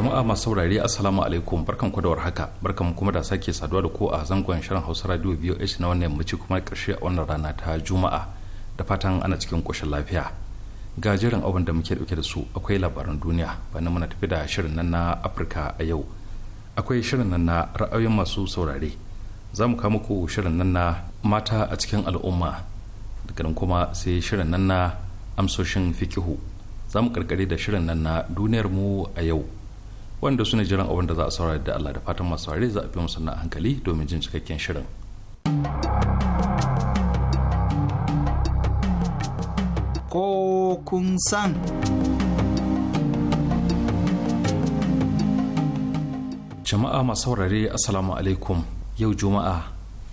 jama'a masu saurari assalamu alaikum barkan ku da warhaka barkan kuma da sake saduwa da ku a zangon shirin hausa radio voh na wannan yammaci kuma karshe a wannan rana ta juma'a da fatan ana cikin koshin lafiya ga jerin abin da muke dauke da su akwai labaran duniya bana muna tafi da shirin nan na afirka a yau akwai shirin nan na ra'ayoyin masu saurare za mu kawo muku shirin nan na mata a cikin al'umma daga nan kuma sai shirin nan na amsoshin fikihu za mu karkare da shirin nan na duniyar mu a yau wanda su ne jiran abin da za a saurari da Allah da fatan masu saurare za a fi musu na hankali domin jin cikakken shirin. Ko kun san. Jama'a masu saurare Assalamu alaikum yau Juma'a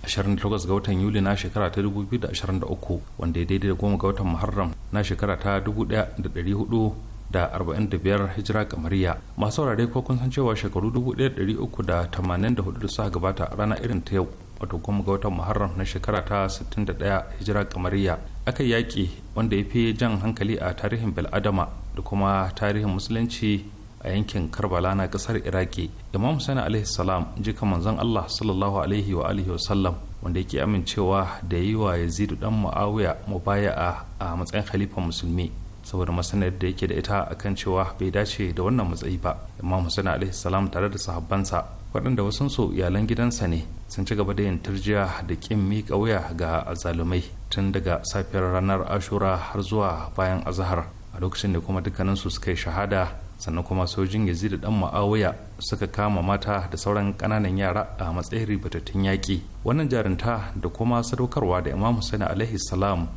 28 ga watan Yuli na shekara ta 2023 wanda ya daidai da goma ga watan Muharram na shekara ta 1400 da 45 hijira kamariya masu saurare ko kun san cewa shekaru 1384 da suka gabata a rana irin ta yau wato kuma ga watan muharram na shekara ta 61 hijira kamariya aka yaƙi wanda ya fi jan hankali a tarihin bil'adama da kuma tarihin musulunci a yankin karbala na ƙasar iraki imam sani alaihi salam jika manzon allah sallallahu alaihi wa alihi wasallam wanda yake amincewa da yi wa yazidu dan muawiya mubaya'a a matsayin khalifa musulmi saboda masanar da yake da ita akan cewa bai dace da wannan matsayi ba imam hussein alaihi salam tare da sahabbansa waɗanda wasunsu iyalan gidansa ne sun ci gaba da yin turjiya da ƙin miƙa wuya ga azalumai tun daga safiyar ranar ashura har zuwa bayan azahar a lokacin da kuma dukkaninsu suka yi shahada sannan kuma sojin yazid da dan ma'awuya suka kama mata da sauran ƙananan yara a matsayin ribatattun yaƙi wannan jarinta da kuma sadaukarwa da imam husaini alaihi salam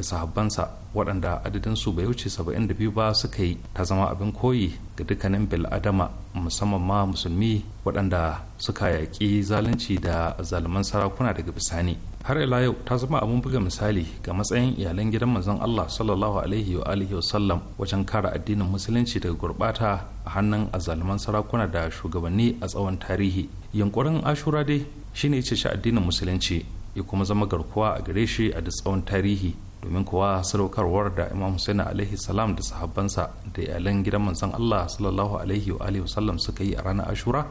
da sahabbansa waɗanda adadinsu bai wuce 72 ba suka yi ta zama abin koyi ga dukkanin bil'adama musamman ma musulmi waɗanda suka yaƙi zalunci da zaluman sarakuna daga bisani har ila yau ta zama abin buga misali ga matsayin iyalan gidan manzon Allah sallallahu alaihi wa alihi wa sallam wajen kare addinin musulunci daga gurbata a hannun azzaluman sarakuna da shugabanni a tsawon tarihi yunkurin ashura dai shine ce shi addinin musulunci ya kuma zama garkuwa a gare shi a da tsawon tarihi domin kuwa sadaukarwar da imam husaini alaihi salam da sahabbansa da iyalan gidan manzon allah sallallahu alaihi wa alihi wasallam suka yi a ranar ashura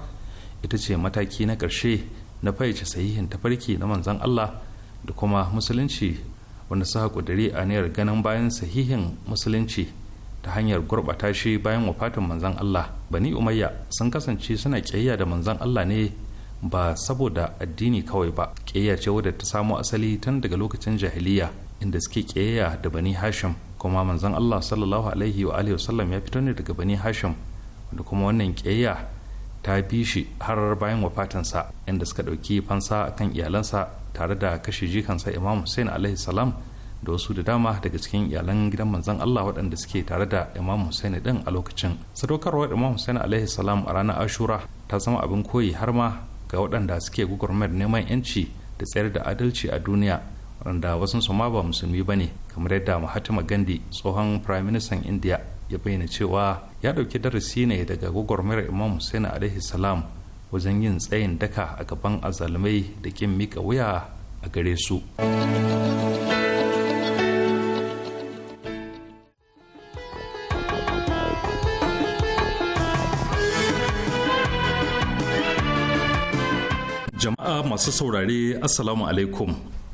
ita ce mataki na ƙarshe na fahimci sahihin tafarki na manzon allah da kuma musulunci wanda suka a niyyar ganin bayan sahihin musulunci ta hanyar gurɓata shi bayan wafatin manzon allah bani umayya sun kasance suna kiyayya da manzon allah ne ba saboda addini kawai ba kiyayya ce wadda ta samo asali tun daga lokacin jahiliya inda suke ƙiyayya da bani hashim kuma manzon allah sallallahu alaihi wa alihi wasallam ya fito ne daga bani hashim da kuma wannan ƙiyayya ta bi shi har bayan wafatansa inda suka ɗauki fansa akan iyalansa tare da kashe jikansa imam hussein alaihi salam da wasu da dama daga cikin iyalan gidan manzon Allah waɗanda suke tare da Imam Hussein din a lokacin. Sadaukarwar Imam Hussein alaihi salam a ranar Ashura ta zama abin koyi har ma ga waɗanda suke gugurmar neman yanci da tsayar da adalci a duniya wanda wasu su ma ba musulmi ba ne kamar yadda mahatma gandhi tsohon prime minister india ya bayyana cewa ya ɗauki darasi ne daga gwagwarmayar imam hussein alaihi salam wajen yin tsayin daka a gaban azalmai da kin mika wuya a gare su jama'a masu saurare assalamu alaikum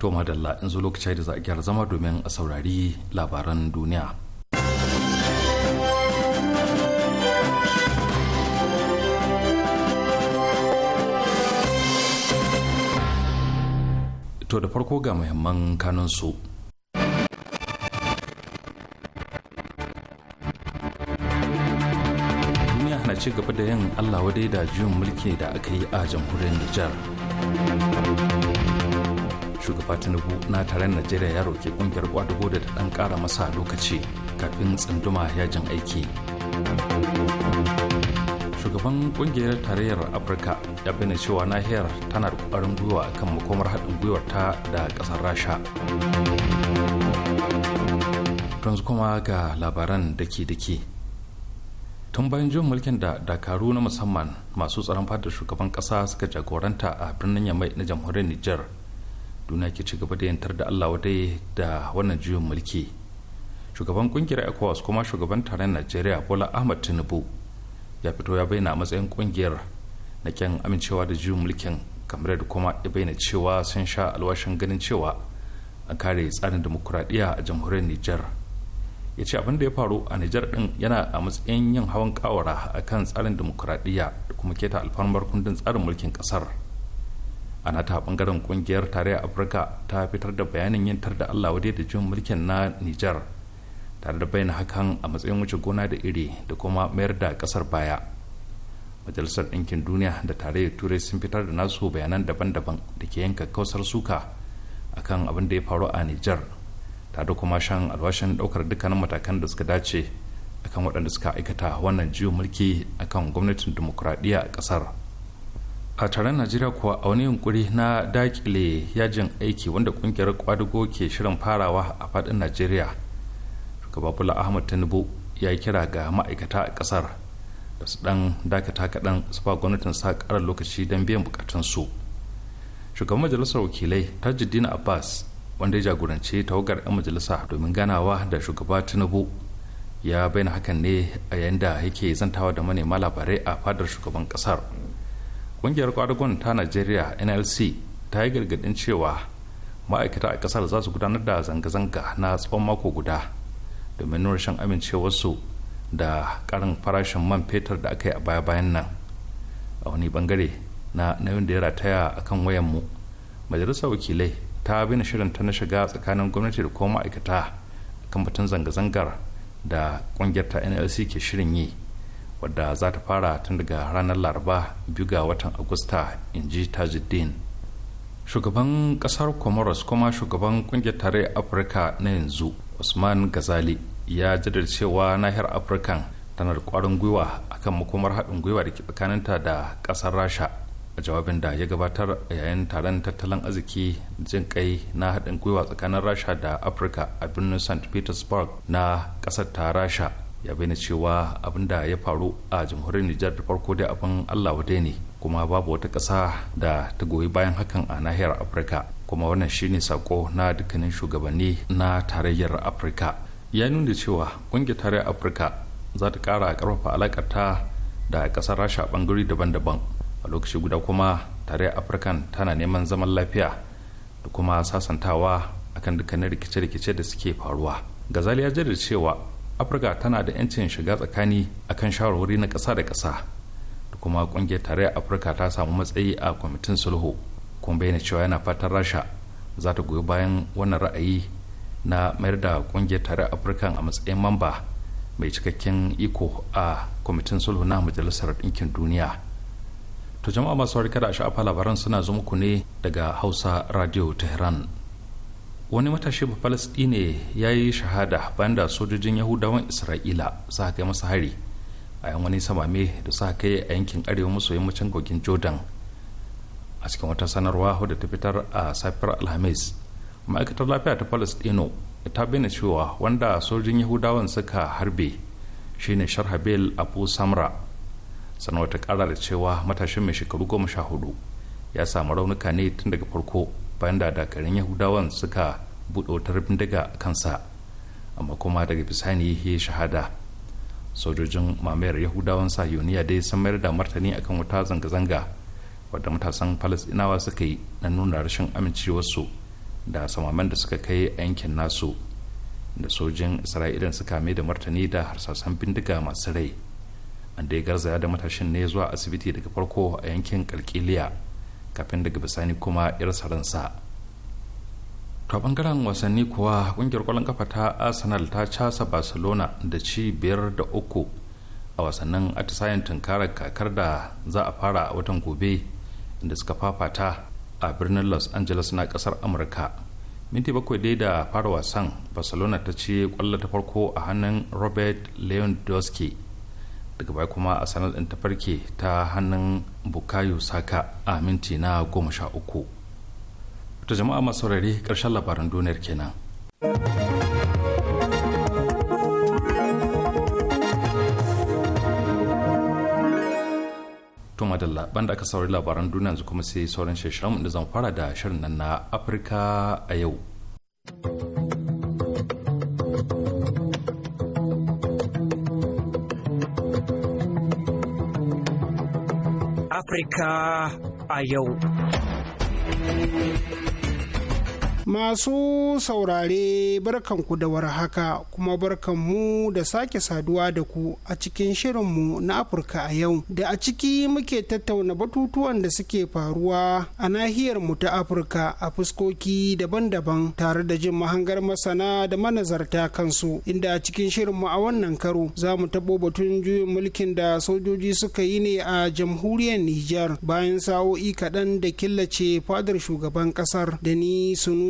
to madalla in zo lokaci da za a gyara zama domin a saurari labaran duniya to da farko ga muhimman kanunsu duniya na ci gaba da yin allah wadai da juyin mulki da aka yi a jamhuriyar nijar shugaba tinubu na taron najeriya ya roƙi ƙungiyar kwadago da ɗan ƙara masa lokaci kafin tsunduma yajin aiki shugaban ƙungiyar tarayyar afirka ya bayyana cewa nahiyar tana da kokarin gwiwa kan makomar haɗin gwiwar ta da ƙasar rasha yanzu kuma ga labaran daki-daki tun bayan jin mulkin da dakaru na musamman masu tsaron fadar shugaban ƙasa suka jagoranta a birnin yamai na jamhuriyar niger duniya ke ci gaba da yantar da allah wadai da wannan juyin mulki shugaban kungiyar ecowas kuma shugaban taron najeriya bola ahmad tinubu ya fito ya bayyana matsayin kungiyar na kyan amincewa da juyin mulkin kamar da kuma ya bayyana cewa sun sha alwashin ganin cewa an kare tsarin demokuraɗiyya a jamhuriyar niger ya ce abin da ya faru a niger din yana a matsayin yin hawan kawara akan tsarin demokuraɗiyya da kuma keta alfarmar kundin tsarin mulkin ƙasar a nata bangaren kungiyar tarayyar afirka ta fitar da bayanin yin tar da allah wadai da jin mulkin na nijar tare da bayyana hakan a matsayin wuce gona da iri da kuma mayar da kasar baya majalisar ɗinkin duniya da tarayyar turai sun fitar da nasu bayanan daban-daban da ke yanka kausar suka a kan abin da ya faru a nijar tare da kuma shan alwashin ɗaukar dukkanin matakan da suka dace akan waɗanda suka aikata wannan jiyo mulki akan gwamnatin dimokuraɗiyya a ƙasar a taron najeriya kuwa a wani yunkuri na dakile yajin aiki wanda kungiyar kwadugo ke shirin farawa a fadin najeriya shugaba ahmad tinubu ya kira ga ma'aikata a kasar da su dan dakata kaɗan su ba gwamnatin sa karar lokaci don biyan bukatunsu shugaban majalisar wakilai tajuddin abbas wanda ya jagoranci tawagar 'yan majalisa domin ganawa da shugaba tinubu ya bayyana hakan ne a yayin da yake zantawa da manema labarai a fadar shugaban kasar ƙungiyar kwadagon ta najeriya nlc ta yi gargadin cewa ma'aikata a kasar za su gudanar da zanga-zanga na tsawon mako guda domin nuna shan amincewarsu da karin farashin man fetur da aka yi a baya-bayan nan a wani bangare na nauyin da ya rataya a kan wayanmu majalisar wakilai ta bina shirin ta na shiga tsakanin gwamnati da kuma ma'aikata kan batun zanga-zangar da ƙungiyar ta nlc ke shirin yi wadda za ta fara tun daga ranar laraba biyu ga watan agusta in ji tajuddin shugaban kasar comoros kuma shugaban kungiyar tare afirka na yanzu usman gazali ya jaddada cewa nahiyar afirkan tana da kwarin gwiwa akan makomar haɗin gwiwa da ke tsakaninta da ƙasar rasha a jawabin da ya gabatar a yayin taron tattalin arziki jin kai na haɗin gwiwa tsakanin rasha da afirka a birnin st petersburg na ƙasar ta rasha ya bayyana cewa abin da ya faru a jamhuriyar nijar da farko dai abin allah wadai ne kuma babu wata ƙasa da ta goyi bayan hakan a nahiyar afirka kuma wannan shine sako na dukkanin shugabanni na tarayyar afirka ya nuna cewa ƙungiyar tarayyar afirka za ta ƙara ƙarfafa alaƙar ta da ƙasar rasha bangare daban-daban a lokaci guda kuma tarayyar Afirka tana neman zaman lafiya da kuma sasantawa akan dukkanin rikice-rikice da suke faruwa gazali ya jaddada cewa afirka tana da 'yancin shiga tsakani a kan shawarwari na ƙasa da ƙasa da kuma ƙungiyar tarayyar afirka ta samu matsayi a kwamitin sulhu kuma bayyana cewa yana fatan rasha za ta goyi bayan wannan ra'ayi na mayar da ƙungiyar tarayyar afirka a matsayin mamba mai cikakken iko a kwamitin sulhu na majalisar ɗinkin duniya to jama'a masu kada da shafa labaran suna zo muku ne daga hausa radio tehran wani matashi ne ya yi shahada da sojojin yahudawan isra'ila suka kai masa hari a yan wani samame da suka kai a yankin arewa maso yammacin gogin jordan a cikin wata sanarwa wadda ta fitar a safiyar alhamis ma'aikatar lafiya ta palestino ta bayyana cewa wanda sojojin yahudawan suka harbe shine sharhabel abu samra sanarwa ta kara da cewa matashin mai shekaru goma sha hudu ya samu raunuka ne tun daga farko bayan da dakarun yahudawan suka buɗe wutar bindiga a kansa amma kuma daga bisani ya shahada sojojin mamayar yahudawan sa sahiyoniya dai sun mayar da martani akan wuta zanga-zanga wadda matasan palestinawa suka yi na nuna rashin amincewarsu da samaman da suka kai a yankin nasu da sojin isra'ilan suka mai da martani da harsasan bindiga masu rai an dai garzaya da matashin ne zuwa asibiti daga farko a yankin kalkiliya kafin daga bisani kuma yar ransa ta bangaren wasanni kuwa kungiyar kwallon kafa ta arsenal ta casa barcelona da ci biyar da uku a wasannin atisayen tunkarar kakar da za a fara a watan gobe da suka fafata a birnin los angeles na kasar amurka minti bakwai dai da fara wasan barcelona ta ci kwallo ta farko a hannun robert lewandowski daga baya kuma a sanar ɗin tafarke ta hannun bukayu saka a minti na goma sha uku wata jama'a masu saurare ƙarshen labaran duniyar kenan to madalla banda aka sauri labaran duniya yanzu kuma sai sauran shirin da zan fara da shirin nan na afirka a yau Afirka a yau. Masu saurare barkanku da warhaka kuma barkanmu da sake saduwa da ku a cikin shirinmu na Afirka a yau da a ciki muke tattauna batutuwan da suke faruwa a nahiyar mu ta Afirka a fuskoki daban-daban tare da jin mahangar masana da manazarta kansu inda a cikin shirinmu a wannan karo za mu taɓo batun juyin mulkin da sojoji suka yi ne a jamhuriyar Nijar bayan sa'o'i kaɗan da killace fadar shugaban ƙasar da ni sunu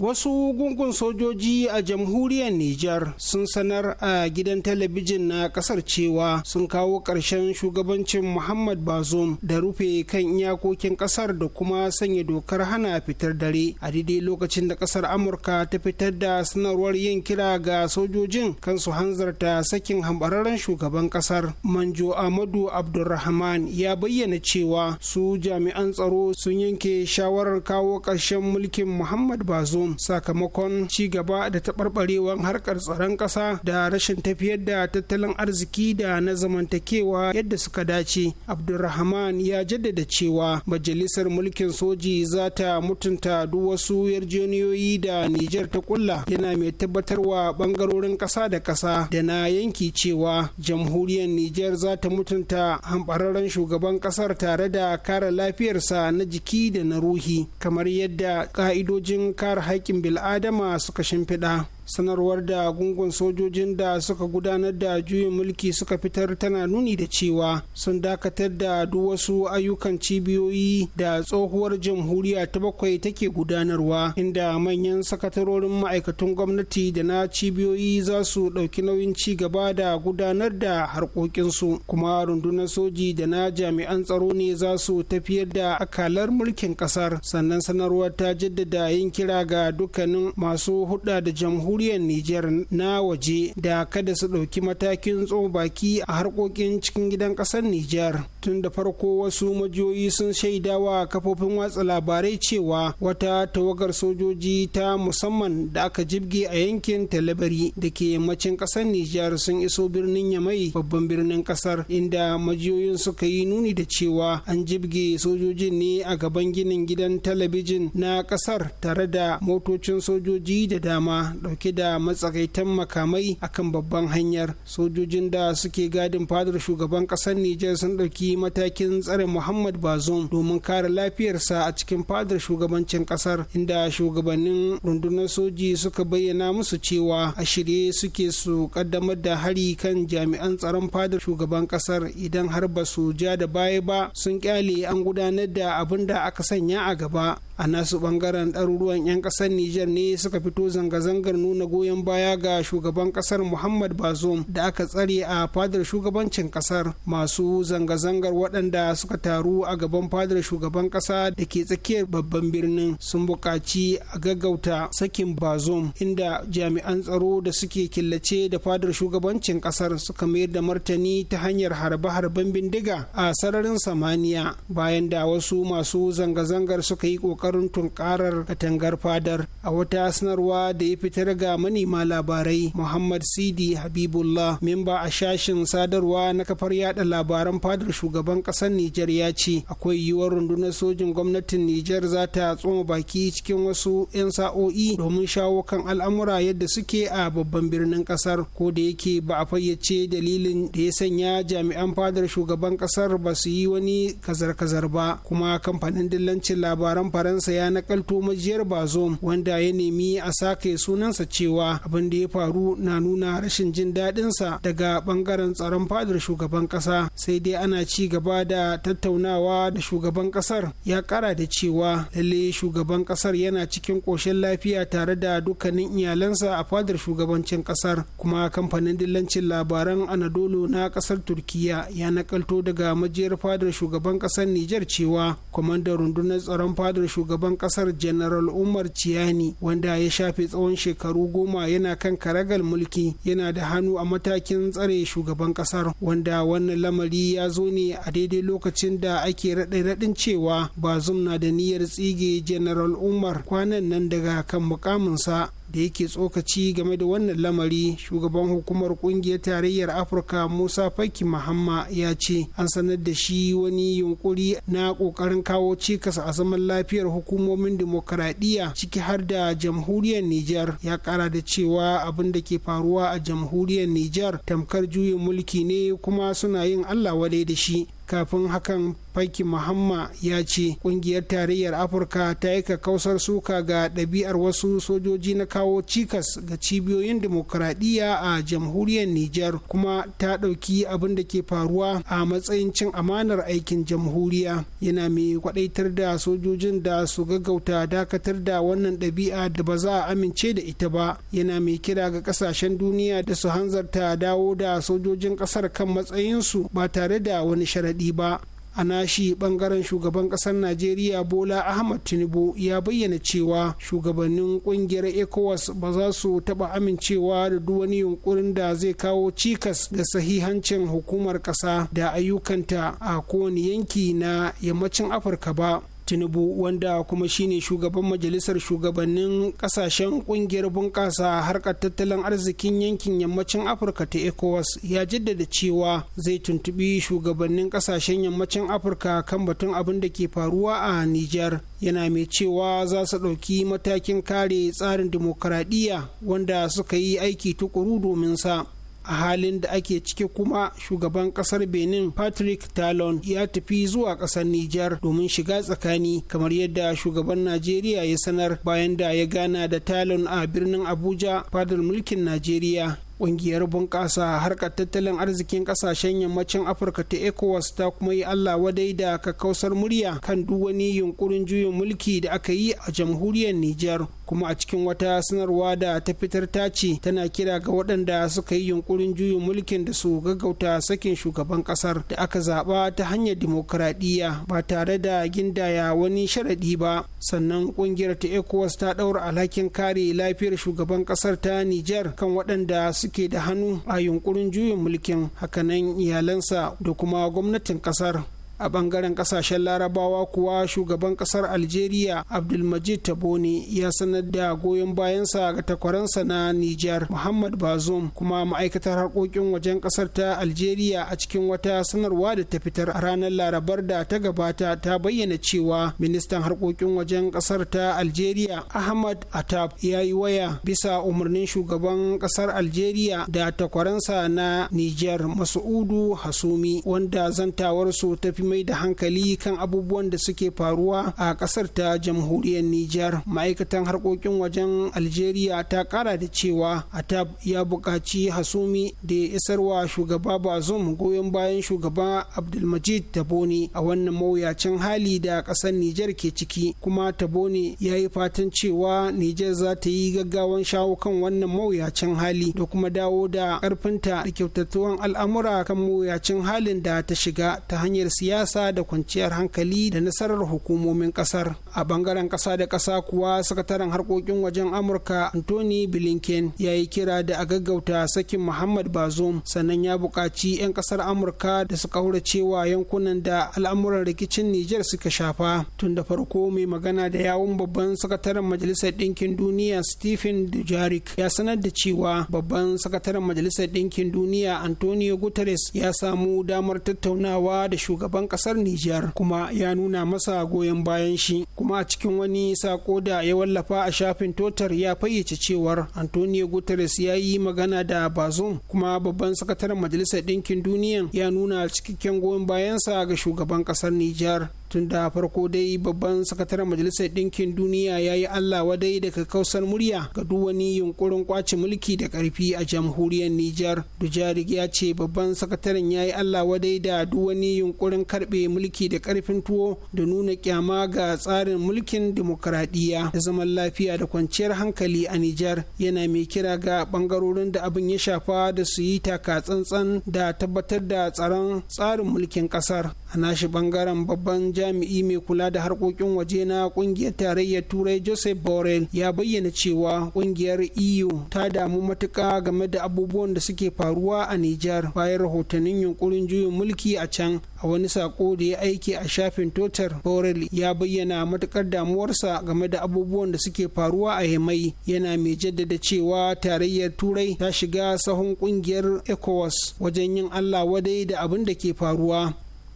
wasu gungun sojoji a jamhuriyar nijar sun sanar a gidan talabijin na kasar cewa sun kawo ƙarshen shugabancin muhammad bazum da rufe kan iyakokin kasar da kuma sanya dokar hana fitar dare a daidai lokacin da kasar amurka ta fitar da sanarwar yin kira ga sojojin kan su hanzarta sakin hambararren shugaban kasar manjo amadu abdulrahman ya bayyana cewa su jami'an tsaro sun yanke shawarar kawo ƙarshen mulkin muhammad bazum Khartoum sakamakon ci gaba da taɓarɓarewar harkar tsaron ƙasa da rashin tafiyar da tattalin arziki da na zamantakewa yadda suka dace. Abdulrahman ya jaddada cewa majalisar mulkin soji za ta mutunta duk wasu yarjejeniyoyi da Nijar ta kulla yana mai tabbatarwa ɓangarorin ƙasa da ƙasa da na yanki cewa jamhuriyar Nijar za ta mutunta hambararren shugaban ƙasar tare da kare lafiyarsa na jiki da na ruhi kamar yadda ƙa'idojin kare haƙƙin bil'adama suka shimfiɗa sanarwar da gungun sojojin da suka gudanar da juyin mulki suka fitar tana nuni da cewa sun dakatar da duk wasu ayyukan cibiyoyi da tsohuwar jamhuriya ta bakwai take gudanarwa inda manyan sakatarorin ma'aikatun gwamnati da na cibiyoyi za su ɗauki nauyin ci gaba da gudanar da harkokinsu kuma rundunar soji da na jami'an tsaro ne za su tafiyar da akalar mulkin ƙasar sannan sanarwar ta jaddada yin kira ga dukkanin masu hudda da jamhuriya jamhuriyar Nijar na waje da kada su ɗauki matakin baki a harkokin cikin gidan ƙasar Nijar. Tun da farko wasu majiyoyi sun shaidawa kafofin watsa labarai cewa wata tawagar sojoji ta musamman da aka jibge a yankin Talabari da ke yammacin ƙasar Nijar sun iso birnin Yamai babban birnin ƙasar inda majiyoyin suka yi nuni da cewa an jibge sojojin ne a gaban ginin gidan talabijin na ƙasar tare da motocin sojoji da dama ɗauke ɗauke da matsakaitan makamai akan babban hanyar sojojin da suke gadin fadar shugaban ƙasar Nijar sun ɗauki matakin tsare Muhammad Bazoum domin kare lafiyarsa a cikin fadar shugabancin ƙasar inda shugabannin rundunar soji suka bayyana musu cewa a shirye suke su kaddamar da hari kan jami'an tsaron fadar shugaban ƙasar idan har ba su ja da baya ba sun kyale an gudanar da abin da aka sanya a gaba a nasu bangaren ɗaruruwan 'yan ƙasar Nijar ne suka fito zanga-zangar nuna nuna goyon baya ga shugaban kasar muhammad bazoum da aka tsare a fadar shugabancin kasar masu zanga-zangar waɗanda suka taru a gaban fadar shugaban kasa da ke tsakiyar babban birnin sun buƙaci a gaggauta sakin bazoum inda jami'an tsaro da suke killace da fadar shugabancin kasar suka mayar da martani ta hanyar harbe-harben bindiga a sararin samaniya bayan da wasu masu zanga-zangar suka yi ƙoƙarin tunkarar katangar fadar a wata sanarwa da ya fitar ga da manema labarai muhammad sidi habibullah memba a shashin sadarwa na kafar yada labaran fadar shugaban kasar nijar ya ce akwai yiwuwar rundunar sojin gwamnatin nijar za ta tsoma baki cikin wasu 'yan sa'o'i domin shawo kan al'amura yadda suke a babban birnin kasar ko da yake ba a fayyace dalilin da ya sanya jami'an fadar shugaban kasar ba su yi wani kazar-kazar ba kuma kamfanin dillancin labaran faransa ya nakalto majiyar bazom wanda ya nemi a sake sunansa cewa abin da ya faru na nuna rashin jin daɗinsa daga ɓangaren tsaron fadar shugaban ƙasa sai dai ana ci gaba da tattaunawa da shugaban ƙasar ya kara da cewa lalle shugaban ƙasar yana cikin ƙoshin lafiya tare da dukkanin iyalansa a fadar shugabancin ƙasar kuma kamfanin dillancin labaran anadolu na ƙasar turkiya ya nakalto daga majiyar fadar shugaban ƙasar nijar cewa kwamandan rundunar tsaron fadar shugaban ƙasar general umar ciyani wanda ya shafe tsawon shekaru shekaru goma yana kan karagal mulki yana da hannu a matakin tsare shugaban kasar wanda wannan lamari ya zo ne a daidai lokacin da ake raɗe raɗin cewa bazum na da niyyar tsige general umar kwanan nan daga kan mukaminsa da yake tsokaci game da wannan lamari shugaban hukumar kungiyar tarayyar afirka musa faki mahamma ya ce an sanar da shi wani yunkuri na kokarin kawo cikas a zaman lafiyar hukumomin demokaradiyya ciki har da jamhuriyar nijar ya kara da cewa abin da ke faruwa a jamhuriyar nijar tamkar juyin mulki ne kuma suna yin allah wadai da shi kafin hakan faki muhamma ya ce kungiyar tarayyar afirka ta yi kausar suka ga ɗabi'ar wasu sojoji na kawo cikas ga cibiyoyin dimokuraɗiyya a jamhuriyar niger kuma ta ɗauki abin da ke faruwa a matsayin cin amanar aikin jamhuriya yana mai kwaɗaitar da sojojin da su gaggauta dakatar da wannan ɗabi'a da ba za a amince da ita ba yana mai kira ga ƙasashen duniya da su hanzarta dawo da sojojin ƙasar kan matsayinsu ba tare da wani sharaɗi daɗi ba a nashi ɓangaren shugaban ƙasar najeriya bola ahmad tinubu ya bayyana cewa shugabannin ƙungiyar ecowas ba za su taɓa amincewa da duk wani yunkurin da zai kawo cikas ga sahihancin hukumar ƙasa da ayyukanta a kowane yanki na yammacin afirka ba tinubu wanda kuma shine shugaban majalisar shugabannin kasashen kungiyar bunƙasa harkar tattalin arzikin yankin yammacin afirka ta ecowas ya jaddada cewa zai tuntubi shugabannin kasashen yammacin afirka kan batun abin da ke faruwa a nijar yana mai cewa za su ɗauki matakin kare tsarin dimokuraɗiyya wanda suka yi aiki tukuru domin sa a halin da ake ciki kuma shugaban kasar benin patrick talon ya tafi zuwa kasar nijar domin shiga tsakani kamar yadda shugaban najeriya ya sanar bayan da ya gana da talon a birnin abuja fadar mulkin najeriya ƙungiyar bunƙasa harkar tattalin arzikin ƙasashen yammacin afirka ta ecowas ta kuma yi allah wadai da kakkausar murya kan duk wani yunkurin juyin mulki da aka yi a jamhuriyar niger kuma a cikin wata sanarwa da ta fitar ta ce tana kira ga waɗanda suka yi yunkurin juyin mulkin da su gaggauta sakin shugaban ƙasar da aka zaɓa ta hanyar dimokuraɗiyya ba tare da gindaya wani sharaɗi ba sannan ƙungiyar ta ecowas ta ɗaura alhakin kare lafiyar shugaban ƙasar ta niger kan waɗanda suke da hannu a yunkurin juyin mulkin hakanan iyalansa da kuma gwamnatin ƙasar a bangaren kasashen larabawa kuwa shugaban kasar algeria abdulmajid tabone ya sanar da goyon bayansa ga takwaransa na Niger muhammad bazoum kuma ma'aikatar harkokin wajen kasar ta algeria a cikin wata sanarwa da ta fitar a ranar larabar da ta gabata ta bayyana cewa ministan harkokin wajen kasar ta algeria ahmad atab ya yi waya bisa umarnin shugaban kasar algeria da takwaransa na Niger masu'udu hasumi wanda zantawarsu su tafi mai da hankali kan abubuwan da suke faruwa a kasar ta jamhuriyar Nijar. Ma'aikatan harkokin wajen Algeria ta kara da cewa Atab ya buƙaci Hasumi da ya isarwa shugaba Bazoum goyon bayan shugaba Abdulmajid Taboni a wannan mawuyacin hali da kasar Nijar ke ciki kuma Taboni ya yi fatan cewa Nijar za ta yi gaggawan shawo kan wannan mawuyacin hali da kuma dawo da ƙarfinta da kyautattuwan al'amura kan mawuyacin halin da ta shiga ta hanyar siyasa siyasa da kwanciyar hankali da nasarar hukumomin kasar a bangaren kasa da kasa kuwa sakataren harkokin wajen amurka anthony blinken ya yi kira da a gaggauta sakin muhammad bazoum sannan ya buƙaci 'yan kasar amurka da suka hura cewa yankunan da al'amuran rikicin niger suka shafa tun da farko mai magana da yawun babban sakataren majalisar ɗinkin duniya stephen dujarik ya sanar da cewa babban sakataren majalisar ɗinkin duniya antonio guterres ya samu damar tattaunawa da shugaban kasar Nijar kuma ya nuna masa goyon bayan shi kuma a cikin wani sako da ya wallafa a shafin totar ya fayyace cewar Antonio Guterres ya yi magana da Bazoum kuma babban sakataren majalisar ɗinkin duniya ya nuna cikakken goyon bayansa ga shugaban kasar Nijar tun da farko dai babban sakataren majalisar ɗinkin duniya ya yi allah wadai daga kausar murya ga duwani wani yunkurin kwace mulki da ƙarfi a jamhuriyar nijar dujarig ya ce babban sakataren ya yi allah wadai da duwani wani yunkurin karɓe mulki da ƙarfin tuwo da nuna kyama ga tsarin mulkin dimokuraɗiyya da zaman lafiya da kwanciyar hankali a nijar yana mai kira ga ɓangarorin da abin ya shafa da su yi taka tsantsan da tabbatar da tsaron tsarin mulkin ƙasar a nashi bangaren babban jami'i mai kula da harkokin waje na kungiyar tarayyar turai joseph borrell ya bayyana cewa kungiyar eu ta damu matuka game da abubuwan da suke faruwa a nijar bayan rahotannin yunkurin juyin mulki a can a wani sako da ya aiki a shafin totar borrell ya bayyana matukar damuwarsa game da abubuwan da suke faruwa a yamai yana mai jaddada cewa tarayyar turai ta shiga sahun kungiyar ecowas wajen yin allah wadai da abin da ke faruwa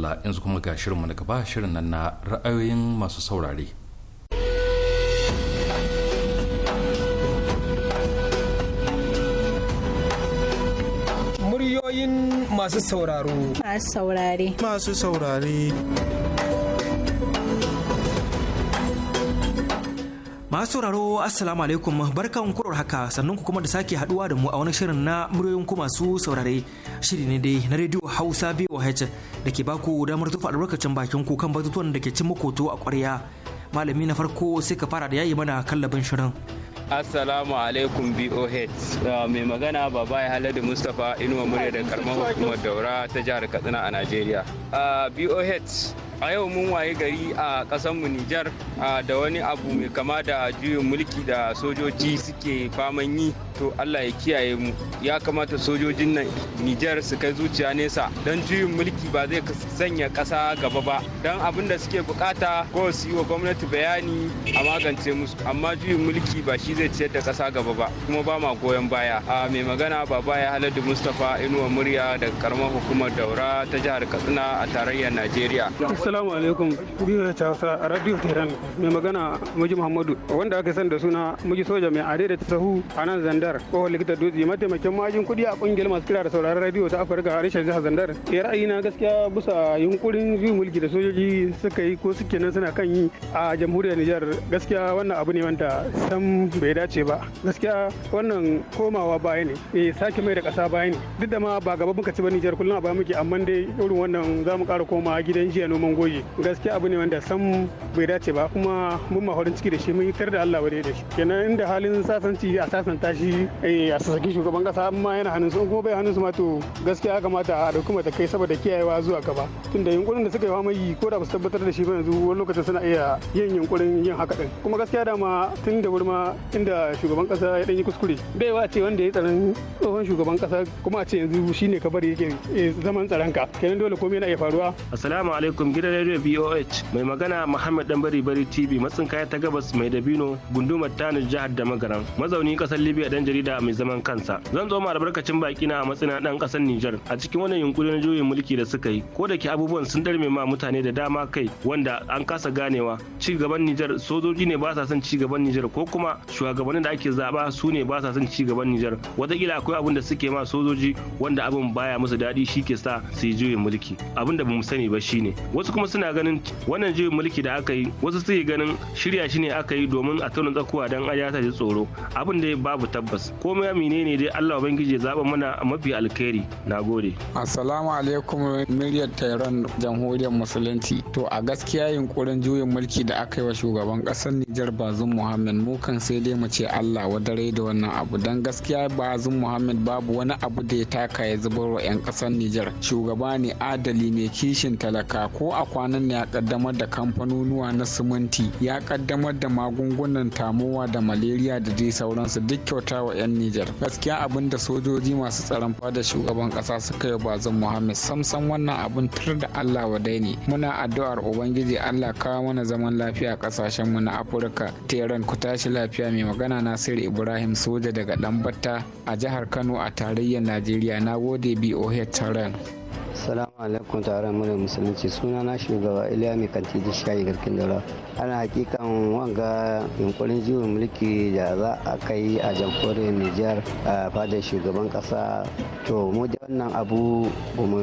madalla yanzu kuma ga shirinmu na gaba shirin nan na ra'ayoyin masu saurare muryoyin masu sauraro masu saurare masu saurare Masu sauraro Assalamu alaikum barkan kurar haka sannan ku kuma da sake haduwa da mu a wani shirin na muryoyin ku masu saurare shiri ne dai na rediyo Hausa B-O-H, da ke baku damar tufa albarkacin bakin ku kan batutuwan da ke cin makoto a ƙwarya. Malami na farko sai ka fara da yayi mana kallabin shirin. Assalamu alaikum BOH ah, mai magana baba ya haladu Mustapha Inuwa murya da karamar hukumar daura ta jihar Katsina a Najeriya. BOH ah, a yau mun waye gari a mu Nijar da wani abu mai kama da juyin mulki da sojoji suke faman yi to Allah ya kiyaye mu ya kamata sojojin nan Nijar su kai zuciya nesa don juyin mulki ba zai sanya ƙasa gaba ba don abin da suke bukata ko su yi wa gwamnati bayani a magance musu amma juyin mulki ba shi zai ciyar da ƙasa gaba ba kuma ba ma goyon baya a mai magana baba ya haladu Mustapha Inuwa murya daga karamar hukumar Daura ta jihar Katsina a tarayyar Najeriya. Assalamu alaikum biyu ta hausa a radio Tehran mai magana Muji Muhammadu wanda aka san da suna Muji Soja mai ade da sahu a nan Zandar ko likita Dutse mataimakin majin kudi a kungiyar masu kira da sauraron radio ta Afirka a Rishar jihar Zandar. Eh ra'ayina gaskiya bisa yunkurin juyin mulki da sojoji suka yi ko suke nan suna kan yi a jamhuriyar Nijar gaskiya wannan abu ne wanda sam bai dace ba. Gaskiya wannan komawa baya ne eh sake mai da kasa baya ne duk da ma ba gaba muka ci ba Nijar kullum a baya muke amma dai irin wannan za mu ƙara komawa gidan jiya noman goge gaskiya abu ne wanda sam bai dace ba kuma mun ma horin ciki da shi mun yi tar da Allah wani da shi kenan inda halin sasanci a sasanta shi eh, a sasaki shugaban kasa amma yana hannun su kuma bai hannun su ma to gaskiya ya kamata a dauki kai saboda kiyayewa zuwa gaba tunda yunkurin da suka yi mai ko da ba su tabbatar da shi ba yanzu wani lokacin suna iya yin yunkurin yin haka din kuma gaskiya dama tun da wurma inda shugaban kasa ya dan yi kuskure bai wa ce wanda ya tsaron tsohon shugaban kasa kuma a ce yanzu shine ka bari yake eh, zaman tsaron ka kenan dole komai yana iya faruwa assalamu alaikum gidan gidan radio voh mai magana muhammad dan bari tv matsin kaya ta gabas mai dabino gundumar Tani jihar da magaran mazauni kasar libya dan jarida mai zaman kansa zan zo ma albarkacin baki na a matsina dan kasar niger a cikin wannan yunkuri na juyin mulki da suka yi ko da ke abubuwan sun darme ma mutane da dama kai wanda an kasa ganewa ci gaban niger sojoji ne ba sa son ci gaban niger ko kuma shugabannin da ake zaba su ne ba sa son ci gaban niger wataƙila akwai abin da suke ma sojoji wanda abin baya musu daɗi shi ke sa su yi juyin mulki abin da bamu sani ba shine wasu wasu kuma suna ganin wannan juyin mulki da aka yi wasu suke ganin shirya shi ne aka yi domin a tauna tsakuwa dan a ta ji tsoro abin da babu tabbas komai ne dai Allah ubangiji ya zaba mana mafi alkhairi gode. assalamu alaikum muryar Tehran jamhuriyar musulunci to a gaskiya yunkurin juyin mulki da aka yi wa shugaban kasar Nijar Bazum Muhammad mu kan sai dai mu ce Allah wadare da wannan abu don gaskiya Bazum Muhammad babu wani abu da ya taka ya zubar wa 'yan kasar Nijar shugaba ne adali mai kishin talaka ko a kwanan ne ya kaddamar da kamfanonuwa na siminti ya kaddamar da magungunan tamowa da malaria da dai sauransu duk kyauta wa 'yan Nijar. Gaskiya abin da sojoji masu tsaron fada shugaban kasa suka yi bazin Muhammad samsan wannan abin tur da Allah wa ne. Muna addu'ar Ubangiji Allah kawo mana zaman lafiya kasashen mu na Afirka. Teran ku tashi lafiya mai magana Nasir Ibrahim Soja daga Dambatta a jihar Kano a tarayyar Najeriya. Na gode BOH Teran. Salamu alaikum taron murar musulunci suna na shugaba Iliya mai kanti da shayi garkin daura. Ana hakikan wanga yunkurin jiwon mulki da za a kai a jamhuriyar Nijar a fadar shugaban kasa. To mu da wannan abu ba mu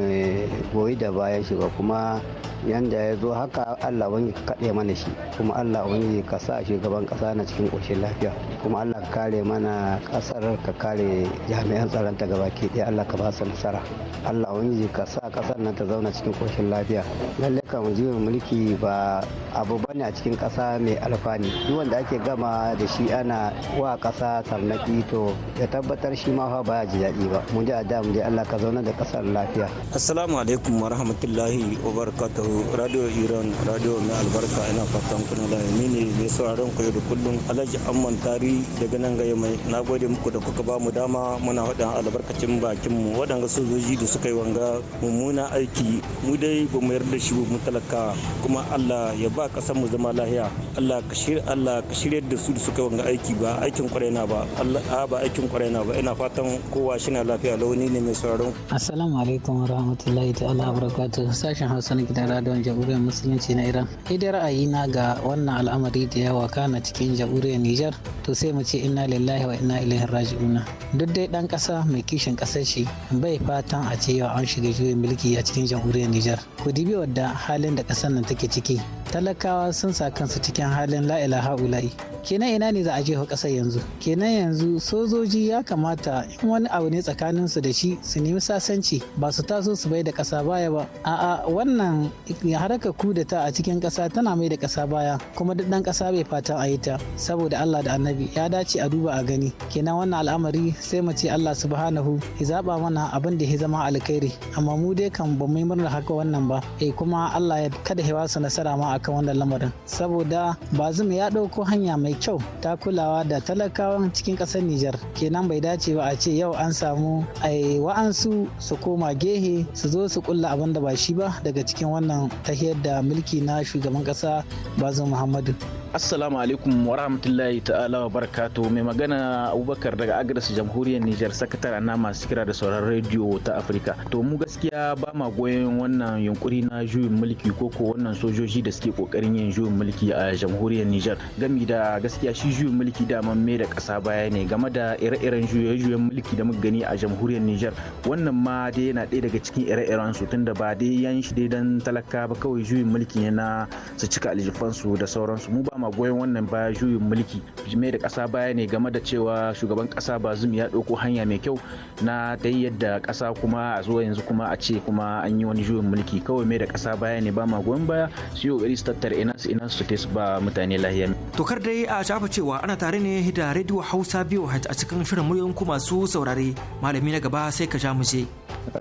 goyi da bayan shi ba kuma yanda ya zo haka Allah wani kaɗe mana shi kuma Allah wani ka sa shugaban ƙasa na cikin ƙoshin lafiya kuma Allah ka kare mana ƙasar ka kare jami'an tsaron ta gaba ke ɗaya Allah ka ba su nasara Allah wani ka sa ƙasar nan ta zauna cikin ƙoshin lafiya lalle kan jiwon mulki ba abu bane a cikin ƙasa mai alfani duk wanda ake gama da shi ana wa ƙasa sarnaki to ya tabbatar shi ma fa ba ji daɗi ba mu ji a da mu ji Allah ka zauna da ƙasar lafiya asalamu alaikum wa rahmatullahi wa barakatuhu radio iran radio mai albarka ina fatan kuna da ni ne mai sauraron ku da kullum alhaji amman tari daga nan gaya mai na gode muku da kuka ba mu dama muna haɗa albarkacin bakin mu waɗanda sojoji da suka yi wanga mummuna aiki mu dai ba mu yarda shi mu talaka kuma allah ya ba kasar mu zama lahiya allah ka shirya allah ka shirya da su da suka yi wanga aiki ba aikin na ba allah a ba aikin na ba ina fatan kowa shi na lafiya launi ne mai sauraron assalamu alaikum warahmatullahi ta'ala barakatuh sashen hausa na gidan don jamhuriyar musulunci na iran idan na ga wannan al'amari da yawa kana cikin jamhuriyar nijar to sai mu ce ina lillahi wa inna ilaihi raji'una duk dai dan kasa mai kishin kasar shi bai fatan a ce an shiga juyin mulki a cikin jamhuriyar nijar ku dibi wadda halin da kasar nan take ciki talakawa sun sa kansu cikin halin la'ila ha'ula'i kenan ina ne za a jefa kasar yanzu kenan yanzu sojoji ya kamata in wani abu ne tsakaninsu da shi su nemi sasanci ba su taso su bai da kasa baya ba a'a wannan haraka ta a cikin ƙasa tana mai da ƙasa baya kuma duk ɗan ƙasa bai fatan a yi ta saboda Allah da annabi ya dace a duba a gani kenan wannan al'amari sai mu ce Allah subhanahu ya zaba mana abin da ya zama alkhairi amma mu dai kan ba mu murna haka wannan ba eh kuma Allah ya kada ya wasu nasara ma akan wannan lamarin saboda ba bazum ya ɗauko hanya mai kyau ta kulawa da talakawan cikin ƙasar Nijar kenan bai dace ba a ce yau an samu ai wa'ansu su koma gehe su zo su kulla abin da ba shi ba daga cikin wannan wannan tahiyar da mulki na shugaban kasa bazin muhammadu Assalamu alaikum wa rahmatullahi ta'ala wa barakatu mai magana Abubakar daga Agadas Jamhuriyar Nijar sakatara na masu kira da sauran rediyo ta Afirka. To mu gaskiya ba ma goyon wannan yunkuri na juyin mulki ko ko wannan sojoji da suke kokarin yin juyin mulki a Jamhuriyar Nijar. Gami da gaskiya shi juyin mulki daman mai da kasa baya ne game da ire-iren juye-juyen mulki da muka gani a Jamhuriyar Nijar. Wannan ma dai yana ɗaya daga cikin ire-iren su tunda ba dai yan shi dai dan talaka talaka ba kawai juyin mulki ne na su cika aljifansu da sauransu mu ba ma goyon wannan ba juyin mulki mai da kasa baya ne game da cewa shugaban kasa ba zum ya ɗauko hanya mai kyau na ta yadda kasa kuma a zuwa yanzu kuma a ce kuma an yi wani juyin mulki kawai mai da kasa baya ne ba ma goyon baya su yi kokari su tattara ina su ina su su ba mutane lahiya. kar dai a shafa cewa ana tare ne da radio hausa biyu a cikin shirin muryoyin ku masu saurare malami na gaba sai ka ja mu je.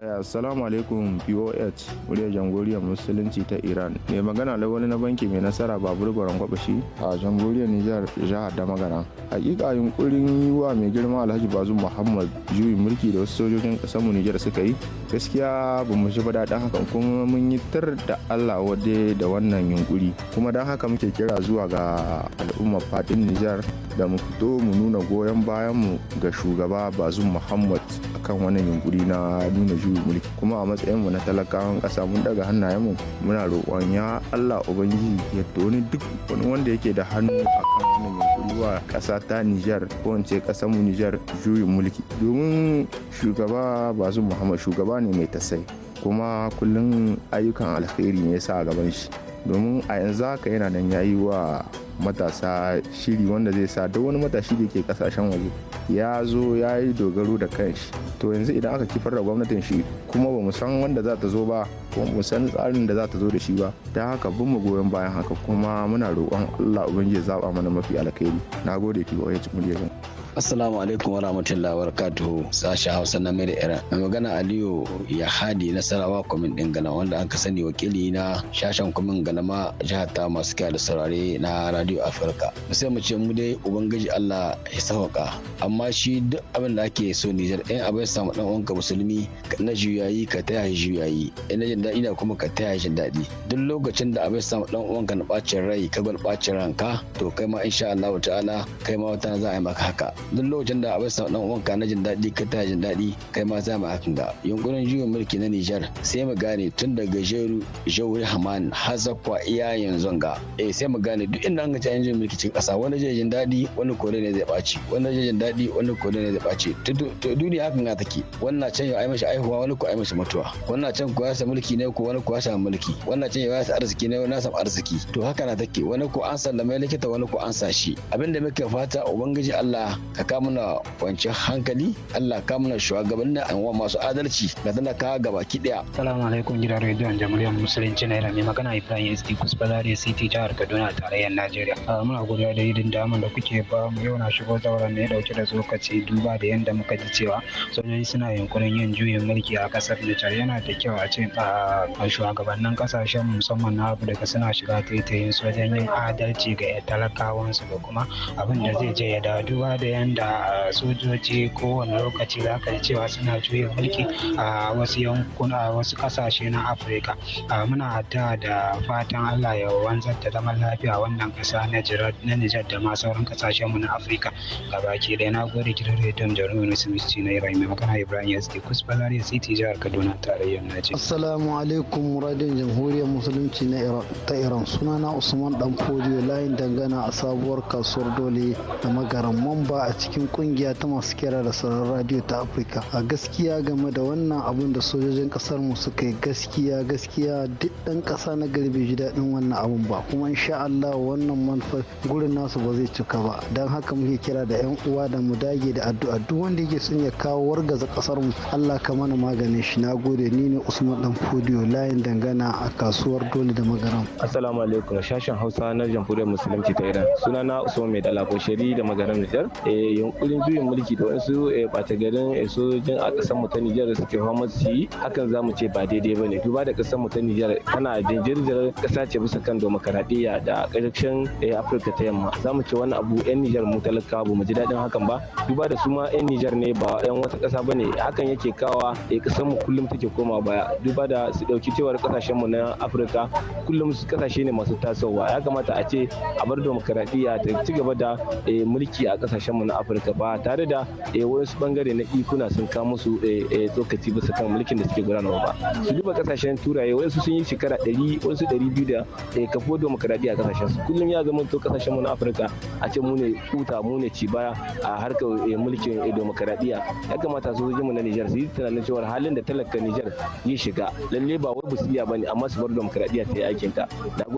Eh, assalamu alaikum poh muryar jamhuriyar musulun musulunci ta iran mai magana da wani na banki mai nasara babur gwaron kwabashi a jamhuriyar nijar jihar da magana hakika yunkurin yi mai girma alhaji bazum muhammad juyi mulki da wasu sojojin kasar mu nijar suka yi gaskiya ba mu ji ba daɗin haka kuma mun yi tar da allah wade da wannan yunkuri kuma don haka muke kira zuwa ga al'ummar fadin nijar da mu fito mu nuna goyon bayanmu ga shugaba bazum muhammad akan wannan yunkuri na nuna juyin mulki kuma a matsayin mu na talakawan ƙasa mun daga hannayenmu muna roƙon ya allah ubangiji ya toni duk wani wanda yake da hannu akan wannan yunkuri zuwa ƙasa ta Nijar ko in ce ƙasar mu Nijar juyin mulki domin shugaba Bazum Muhammad shugaba ne mai tasai kuma kullum ayyukan alheri ne ya sa a gaban shi domin a yanzu haka yana nan ya yi wa matasa shiri wanda zai sa duk wani matashi da ke kasashen waje ya zo ya yi dogaro da kanshi to yanzu idan aka kifar da gwamnatin shi kuma ba san wanda za ta zo ba ko mu san tsarin da za ta zo da shi ba ta haka bin mu goyon bayan haka kuma muna roƙon Allah ubangiji zaɓa mana mafi alkhairi na ki wa ya ci muryar Assalamu alaikum wa rahmatullahi wa barakatuhu sashi Hausa na mai Iran. Mai magana Aliyu ya hadi nasarawa kwamin ɗin Gana wanda an ka sani wakili na shashen kwamin ma jihar ta masu kyau da saurare na Radio Afirka. Sai mu ce mu dai Ubangiji Allah ya sauka amma shi duk abin da ake so Nijar ɗan abin samu ɗan uwanka musulmi na juyayi ka taya shi juyayi ina jin daɗi na kuma ka taya shi daɗi duk lokacin da abin samu ɗan wanka na ɓacin rai ka gwal ɓacin ranka to kai ma insha Allah ta'ala kai ma wata za a yi maka haka duk lokacin da abin dan wanka na jin daɗi ka ta jin daɗi kai ma za mu hakan ga yunkurin juyin mulki na Nijar sai mu gane tun daga Jeru Jauri Haman har zakwa iya yanzu ga eh sai mu gane duk inda an ga canjin juyin mulki cikin ƙasa wani zai jin daɗi wani kore ne zai ɓaci wani zai jin daɗi wani kore ne zai ɓaci to duniya hakan ga take wannan can ya ai mashi aihuwa wani ko ai mashi mutuwa wannan can ko ya samu mulki ne ko wani ko ya samu mulki wannan can ya samu arziki ne wani ya samu arziki to haka na take wani ko an sallame likita wani ko an sashi abinda muke fata ubangiji Allah ka kamuna kwanci hankali Allah ka kamuna shugabannin an wa masu adalci ga ka ga baki daya assalamu alaikum gidan rediyon jamhuriyar musulunci na mai magana Ibrahim SD Kusbalare City jihar Kaduna tarayyar Najeriya muna godiya da irin damar da kuke ba mu yau na shigo zauren ne dauke da zokaci, duba da yanda muka ji cewa sojoji suna yunkurin yin juyin mulki a kasar Nijar yana da kyau a ce a shugabannin kasashen musamman na Afirka suna shiga taitayin sojan yin adalci ga talakawansu da kuma abin da zai je ya dawo duba da mutanen da sojoji kowane lokaci za ka cewa suna juya mulki a wasu yankuna a wasu kasashe na afirka muna ta da fatan allah ya wanzar da zaman lafiya wannan kasa na nijar da ma sauran kasashen mu na afirka gabaki ɗaya na gode gidan rediyon jarumin musulunci na Ibrahim mai magana ibrahim yazdi kusbalar ya city jihar kaduna tarayyar najeriya assalamu alaikum radiyon jamhuriyar musulunci na iran ta iran sunana usman dan layin dangana a sabuwar kasuwar dole da magaran mamba a cikin kungiya ta masu kera da sauran radio ta afirka a gaskiya game da wannan abun da sojojin kasar mu suka yi gaskiya gaskiya duk ɗan ƙasa na gari bai ji daɗin wannan abun ba kuma insha Allah wannan manufar gurin nasu ba zai cika ba don haka muke kira da yan uwa da mu dage da addu'a duk wanda yake son ya kawo wargaza kasar mu Allah ka mana maganin shi na gode ni ne Usman Dan fudiyo layin dangana a kasuwar dole da magaram assalamu alaikum sashen Hausa na jamhuriyar musulunci ta Iran sunana Usman Mai Dala Bosheri da magaram Nijar eh, yunkurin juyin mulki da wasu bata eh, garin eh, sojojin a ƙasar mu ta Nijar suke fama su yi hakan za mu ce ba daidai ba ne duba da ƙasar mu ta Nijar tana jinjirjar ƙasa ce bisa kan demokaradiyya da ƙarshen eh, Afirka ta yamma za mu ce wani abu 'yan Nijar mu talakawa ba mu ji daɗin hakan ba duba da su ma 'yan Nijar ne ba 'yan wata ƙasa ba ne hakan yake kawa ƙasar mu kullum take koma baya duba da su ɗauki cewar ƙasashen mu na Afirka kullum su ƙasashe ne masu tasowa ya kamata a ce a bar demokaradiyya ta ci gaba da mulki a ƙasashen mu na afirka ba tare da eh, wasu bangare na ikuna sun kawo musu eh, eh, tsokaci bisa kan mulkin da suke gudanarwa ba su duba kasashen turaye wasu sun yi shekara ɗari wasu ɗari biyu da kafo demokaradiyya a kasashen su kullum ya zama to kasashen mu na afirka a ce mu ne kuta mu ne ci baya a harkar mulkin demokaradiyya ya kamata su mu na nijar su yi tunanin cewa halin da talaka nijar ya shiga lalle ba wai busiya ba ne amma su bar demokaradiyya ta yi aikin ta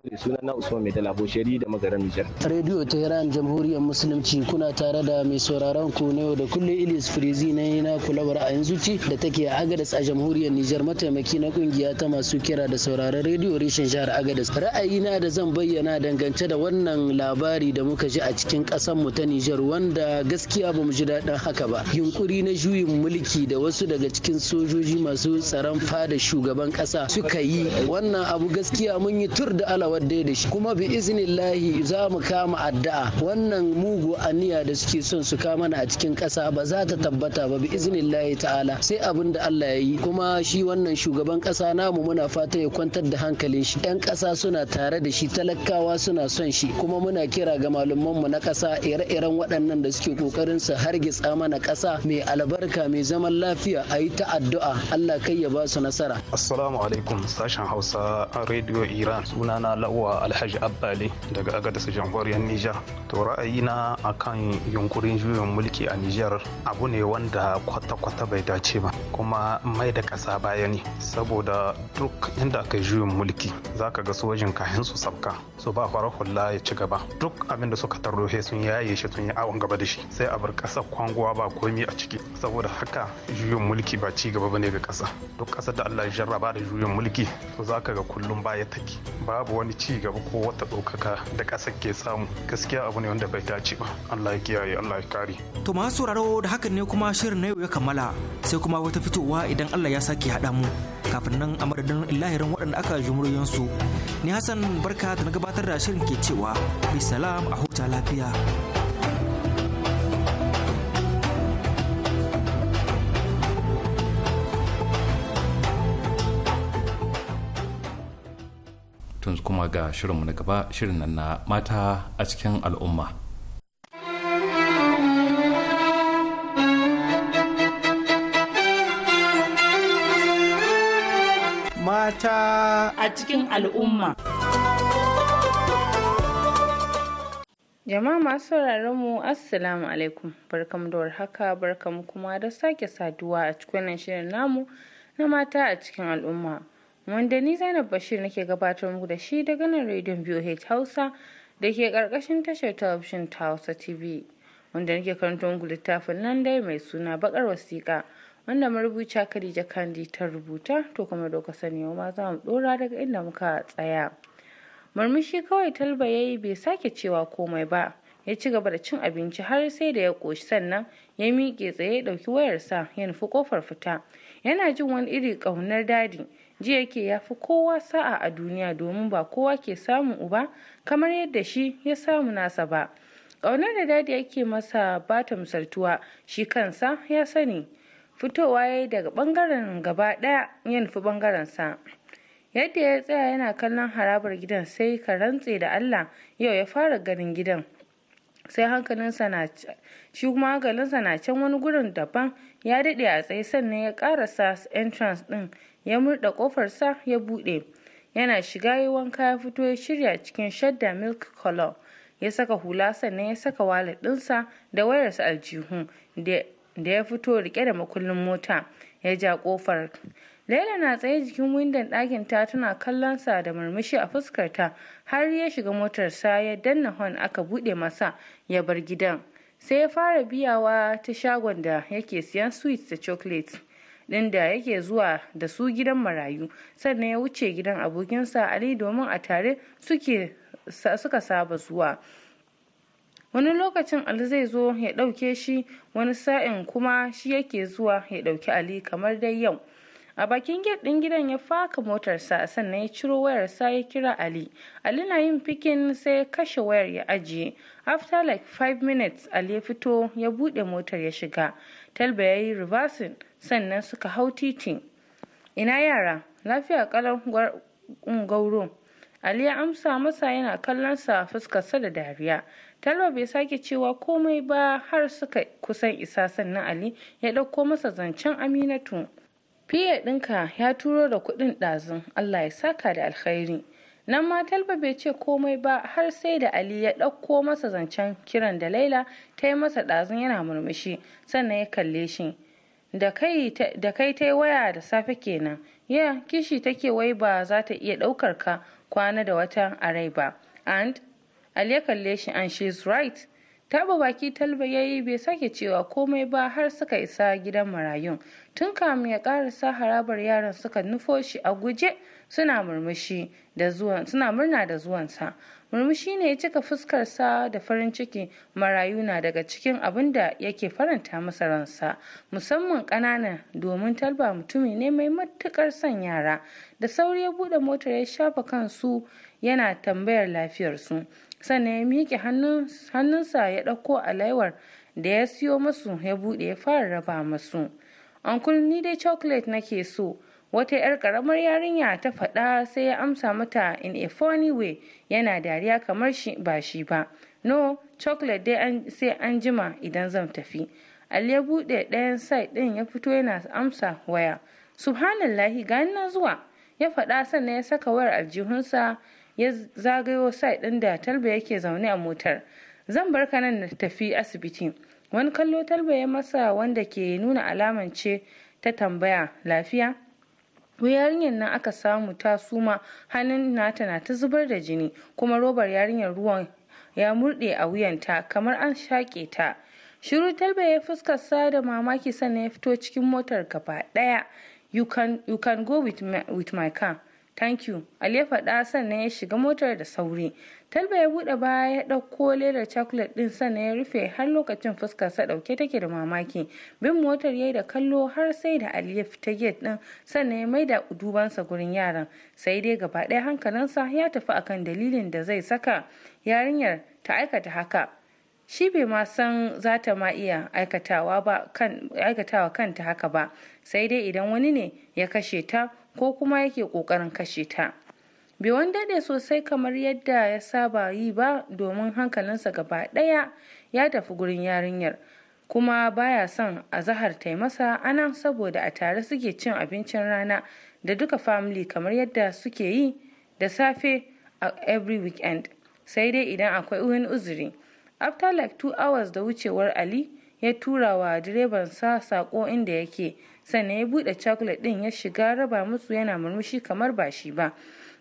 na suna na usman mai talabo shari da magaran nijar. rediyo tehran jamhuriyar musulunci kuna tare da mai sauraron ku na yau da kullum Ilis Firizi na yi na kulawar a yanzu ci da take a Agadas a jamhuriyar Nijar mataimaki na kungiya ta masu kira da sauraron rediyo reshen jihar Agadas. Ra'ayina da zan bayyana dangance da wannan labari da muka ji a cikin kasan mu ta Nijar wanda gaskiya ba mu ji daɗin haka ba. Yunkuri na juyin mulki da wasu daga cikin sojoji masu tsaron fada shugaban ƙasa suka yi wannan abu gaskiya mun yi tur da alawar da shi kuma bi iznillahi za mu kama addu'a wannan mugu aniya da suke son su ka mana a cikin ƙasa ba za ta tabbata ba bi iznillahi ta'ala sai abin da Allah ya yi kuma shi wannan shugaban ƙasa namu muna fata ya kwantar da hankalin shi yan ƙasa suna tare da shi talakawa suna son shi kuma muna kira ga mu na ƙasa ire-iren waɗannan da suke ƙoƙarin su hargitsa mana ƙasa mai albarka mai zaman lafiya a yi ta addu'a Allah kai ya ba su nasara assalamu alaikum sashen Hausa Radio Iran sunana Lawa Alhaji Abbali daga Agadez jamhuriyar Nijar to ra'ayina akan yunkuri yunkurin juyin mulki a Nijar abu ne wanda kwata-kwata bai dace ba kuma mai da ƙasa baya ne saboda duk inda aka juyin mulki za ka ga sojin kayan su sabka su ba farar hula ya ci gaba duk abin da suka tarrohe sun yaye shi sun yi awon gaba da shi sai a bar ƙasar kwanguwa ba komi a ciki saboda haka juyin mulki ba ci gaba bane ga kasa duk ƙasar da Allah ya jarraba da juyin mulki to za ka ga kullum baya take babu wani ci gaba ko wata ɗaukaka da ƙasar ke samu gaskiya abu ne wanda bai dace ba Allah ya kiyaye Allah ya kare. To masu sauraro da hakan ne kuma shirin na yau ya kammala sai kuma wata fitowa idan Allah ya sake haɗa mu kafin nan a madadin lahirin waɗanda aka jumuriyar su. Ni Hassan barka da na gabatar da shirin ke cewa salam a huta lafiya. tun kuma ga shirinmu na gaba shirin nan na mata a cikin al'umma. ta a cikin al'umma. Jama'a masu sauraron mu Assalamu alaikum barkamu da warhaka barkamu kuma da sake saduwa a cikin wannan shirin namu na mata a cikin al'umma. Wanda ni Zainab Bashir nake gabatar muku da shi daga nan rediyon BOH Hausa da ke karkashin tashar talabijin ta Hausa TV. Wanda nake karanta muku littafin nan dai mai suna bakar wasiƙa. wanda marubuciya Khadija Kandi ta rubuta to kuma doka sani ma za mu dora daga inda muka tsaya. Murmushi kawai Talba yayi bai sake cewa komai ba. Ya ci gaba da cin abinci har sai da ya koshi sannan ya miƙe tsaye ya ɗauki wayarsa ya nufi kofar fita. Yana jin wani iri ƙaunar dadi. Ji yake ya fi kowa sa'a a duniya domin ba kowa ke samun uba kamar yadda shi ya samu nasa ba. Ƙaunar da dadi yake masa bata ta misaltuwa shi kansa ya sani. fitowa ya yi daga bangaren gaba daya ya nufi bangaren sa yadda ya tsaya yana kallon harabar gidan sai ka rantse da allah yau ya fara ganin gidan sai hankalinsa na shi kuma hankalinsa na can wani gurin daban ya daɗe a tsaye sannan ya karasa entrance ɗin ya murda ƙofarsa ya buɗe yana shiga yi wanka ya fito ya shirya cikin shadda milk color ya saka hula sannan ya saka walet ɗinsa da wayarsa aljihu da da ya fito rike da makullin mota ya ja kofar laila na tsaye jikin windon ɗakin ta tana kallon sa da murmushi a fuskarta har ya shiga motar sa ya danna hon aka buɗe masa ya bar gidan sai ya fara biyawa ta shagon da yake siyan sweets da chocolate din da yake zuwa da su gidan marayu sannan ya wuce gidan abokinsa ali domin a tare suka saba zuwa wani lokacin ali zai zo ya ɗauke shi wani sa'in kuma shi yake zuwa ya ɗauki ali kamar dai yau a bakin gate ɗin gidan ya faka motarsa sannan ya ciro wayarsa ya kira ali ali na yin fikin sai ya kashe wayar ya ajiye after like five minutes ali ya fito ya buɗe motar ya shiga talba ya yi reversing sannan suka hau titi ina yara lafiya kalar mm, gauro ali ya amsa masa yana kallonsa fuskarsa da dariya Talba bai sake cewa komai ba har suka kusan isa sannan Ali ya ɗauko masa zancen Aminatu. Fiye ɗinka ya turo da kuɗin ɗazun Allah ya saka da alkhairi. Nan ma Talba bai ce komai ba har sai da Ali ya ɗauko masa zancen kiran da Laila ta yi masa ɗazun yana murmushi sannan ya kalle shi. Da kai ta yi waya da safe kenan, ya kishi take wai ba za ta iya ɗaukar ka kwana da wata a rai ba. And Ali ya kalle shi and she's right. Taba baki talba ya yi bai sake cewa komai ba har suka isa gidan marayun. Tun kamin ya karasa harabar yaran suka nufo shi a guje suna murmushi da zuwan suna murna da zuwansa. Murmushi ne ya cika fuskarsa da farin ciki marayu na daga cikin abinda yake faranta masa ransa musamman ƙanana domin talba mutumi ne mai matuƙar son yara da sauri ya buɗe motar ya shafa kansu yana tambayar lafiyarsu. sannan ya miƙe hannunsa ya ɗauko alaiwar da ya siyo masu ya buɗe ya fara raba masu uncle ni dai chocolate nake so wata 'yar ƙaramar yarinya ta faɗa sai ya amsa mata in a funny way yana dariya kamar shi ba shi ba no chocolate dai sai an jima idan zan tafi ali ya buɗe ɗayan side ɗin ya fito yana amsa waya subhanallahi gani na zuwa ya faɗa sannan ya saka wayar aljihunsa ya zagayo side ɗin da talba yake zaune a motar zan bar ka nan na tafi asibiti wani kallo talba ya masa wanda ke nuna alaman ce ta tambaya lafiya yarinyar nan aka samu ta suma hannun nata na ta zubar da jini kuma robar yarinyar ruwan ya murɗe a wuyanta kamar an shaƙe ta shiru talba ya fuskarsa da mamaki sannan ya fito cikin motar gaba ɗaya you can, go with my, with my car thank you ali ya faɗa sannan ya shiga motar da sauri talba ya buɗe baya ya ɗauko ledar chocolate ɗin sannan ya rufe har lokacin fuskarsa ɗauke take da mamaki bin motar ya yi da kallo har sai da ali ya fita gate ɗin sannan ya maida dubansa gurin yaran sai dai gaba ɗaya hankalinsa ya tafi akan dalilin da zai saka yarinyar ta aikata haka shi bai ma san za ta ma iya aikatawa kanta haka ba sai dai idan wani ne ya kashe ta ko kuma yake ƙoƙarin kashe ta bai wani dade sosai kamar yadda ya saba yi ba domin hankalinsa gaba ɗaya ya tafi gurin yarinyar kuma baya son a zahar ta masa anan saboda a tare suke cin abincin rana da duka family kamar yadda suke yi da safe a every weekend sai dai idan akwai wani uzuri after like two hours da wucewar ali ya tura wa sa sako inda yake sannan ya bude chocolate din ya shiga raba musu yana murmushi kamar ba shi ba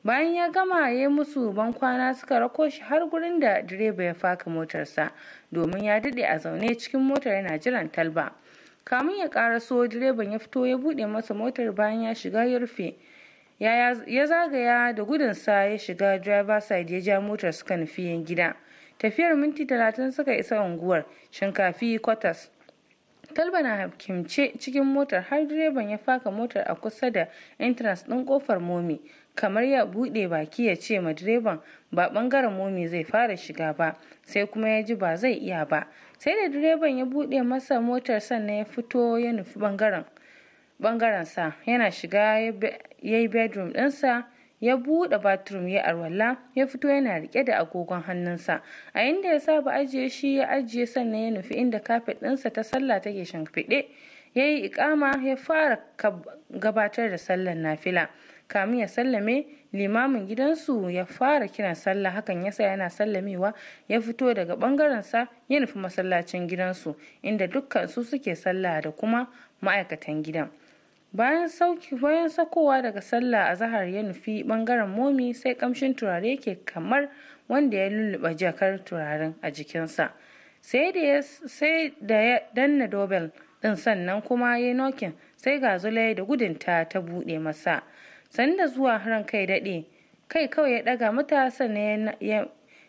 bayan ya gama ya musu ban kwana suka rako shi har gurin da direba ya faka motarsa domin ya dade a zaune cikin motar yana jiran talba kamun ya karaso direban ya fito ya bude masa motar bayan ya shiga ya rufe ya zagaya da gudunsa ya shiga driver side ya ja motar suka nufi gida tafiyar minti talatin suka isa unguwar shinkafi kwatas Talba na hakimce cikin motar har direban ya faka motar a kusa da entrance ɗin kofar momi kamar ya buɗe baki ya ce ma direban ba bangaren momi zai fara shiga ba sai kuma ya ji ba zai iya ba sai da direban ya buɗe masa motar sannan ya fito ya nufi bangaren sa yana shiga ya yi bedroom ɗinsa ya buɗe bathroom ya arwala ya fito yana rike da agogon hannunsa a inda ya saba ajiye shi ya ajiye sannan ya nufi inda kafet ɗinsa ta sallah take shimfiɗe ya yi ikama ya fara gabatar da sallar nafila kamin ya sallame limamin gidansu ya fara kiran sallah hakan yasa yana sallamewa ya fito daga bangarensa ya nufi masallacin gidansu inda dukkan su suke sallah da kuma ma'aikatan gidan bayan bayan saukowa daga sallah a zahar ya nufi bangaren momi sai kamshin turare ke kamar wanda ya lulluɓa jakar turaren a jikinsa sai da sai da ya danna dobel din sannan kuma ya nokin sai ga zulai da gudunta ta buɗe masa sanda zuwa ran kai daɗe kai kawai ya ɗaga mata sannan ya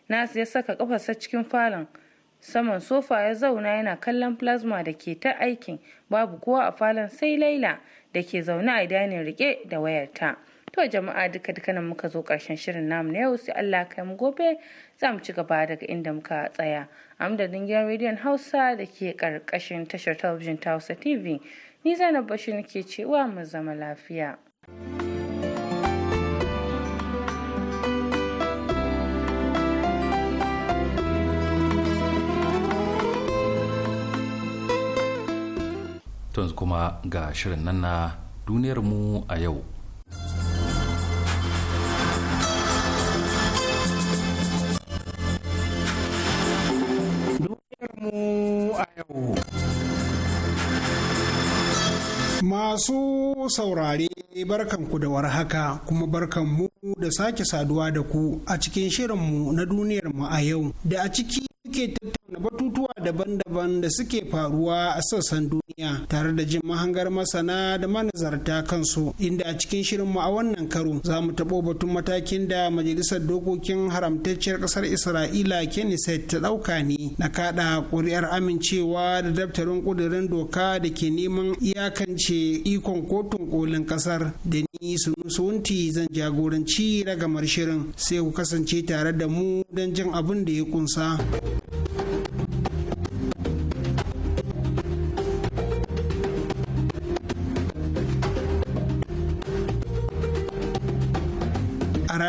nasu ya saka kafarsa cikin falon saman sofa ya zauna yana kallon plasma da ke ta aikin babu kowa a falon sai laila da ke zaune a idanin rike da wayarta. To jama'a duka duka nan muka zo karshen shirin namu na yau sai Allah kai mu gobe za mu ci gaba daga inda muka tsaya. Amdadin gidan rediyon Hausa da ke karkashin tashar talabijin ta Hausa TV. Ni Zainab Bashir nake cewa mu zama lafiya. thank you To yanzu kuma ga shirin nan na duniyarmu a yau. a yau. Masu saurare barkan ku da warhaka kuma barkanmu da sake saduwa da ku a cikin shirin mu na duniyarmu a yau da a ciki ke tattauna batutuwa daban-daban da suke faruwa a sassan duniya. duniya tare da jin mahangar masana da manazarta kansu inda a cikin shirin mu a wannan karo za mu taɓo batun matakin da majalisar dokokin haramtacciyar ƙasar isra'ila kenneth ta ɗauka ne na kaɗa ƙuri'ar amincewa da daftarin ƙudurin doka da ke neman iyakance ikon kotun kolin ƙasar da ni sunusunti zan jagoranci ragamar shirin sai ku kasance tare da mu don jin abin da ya kunsa.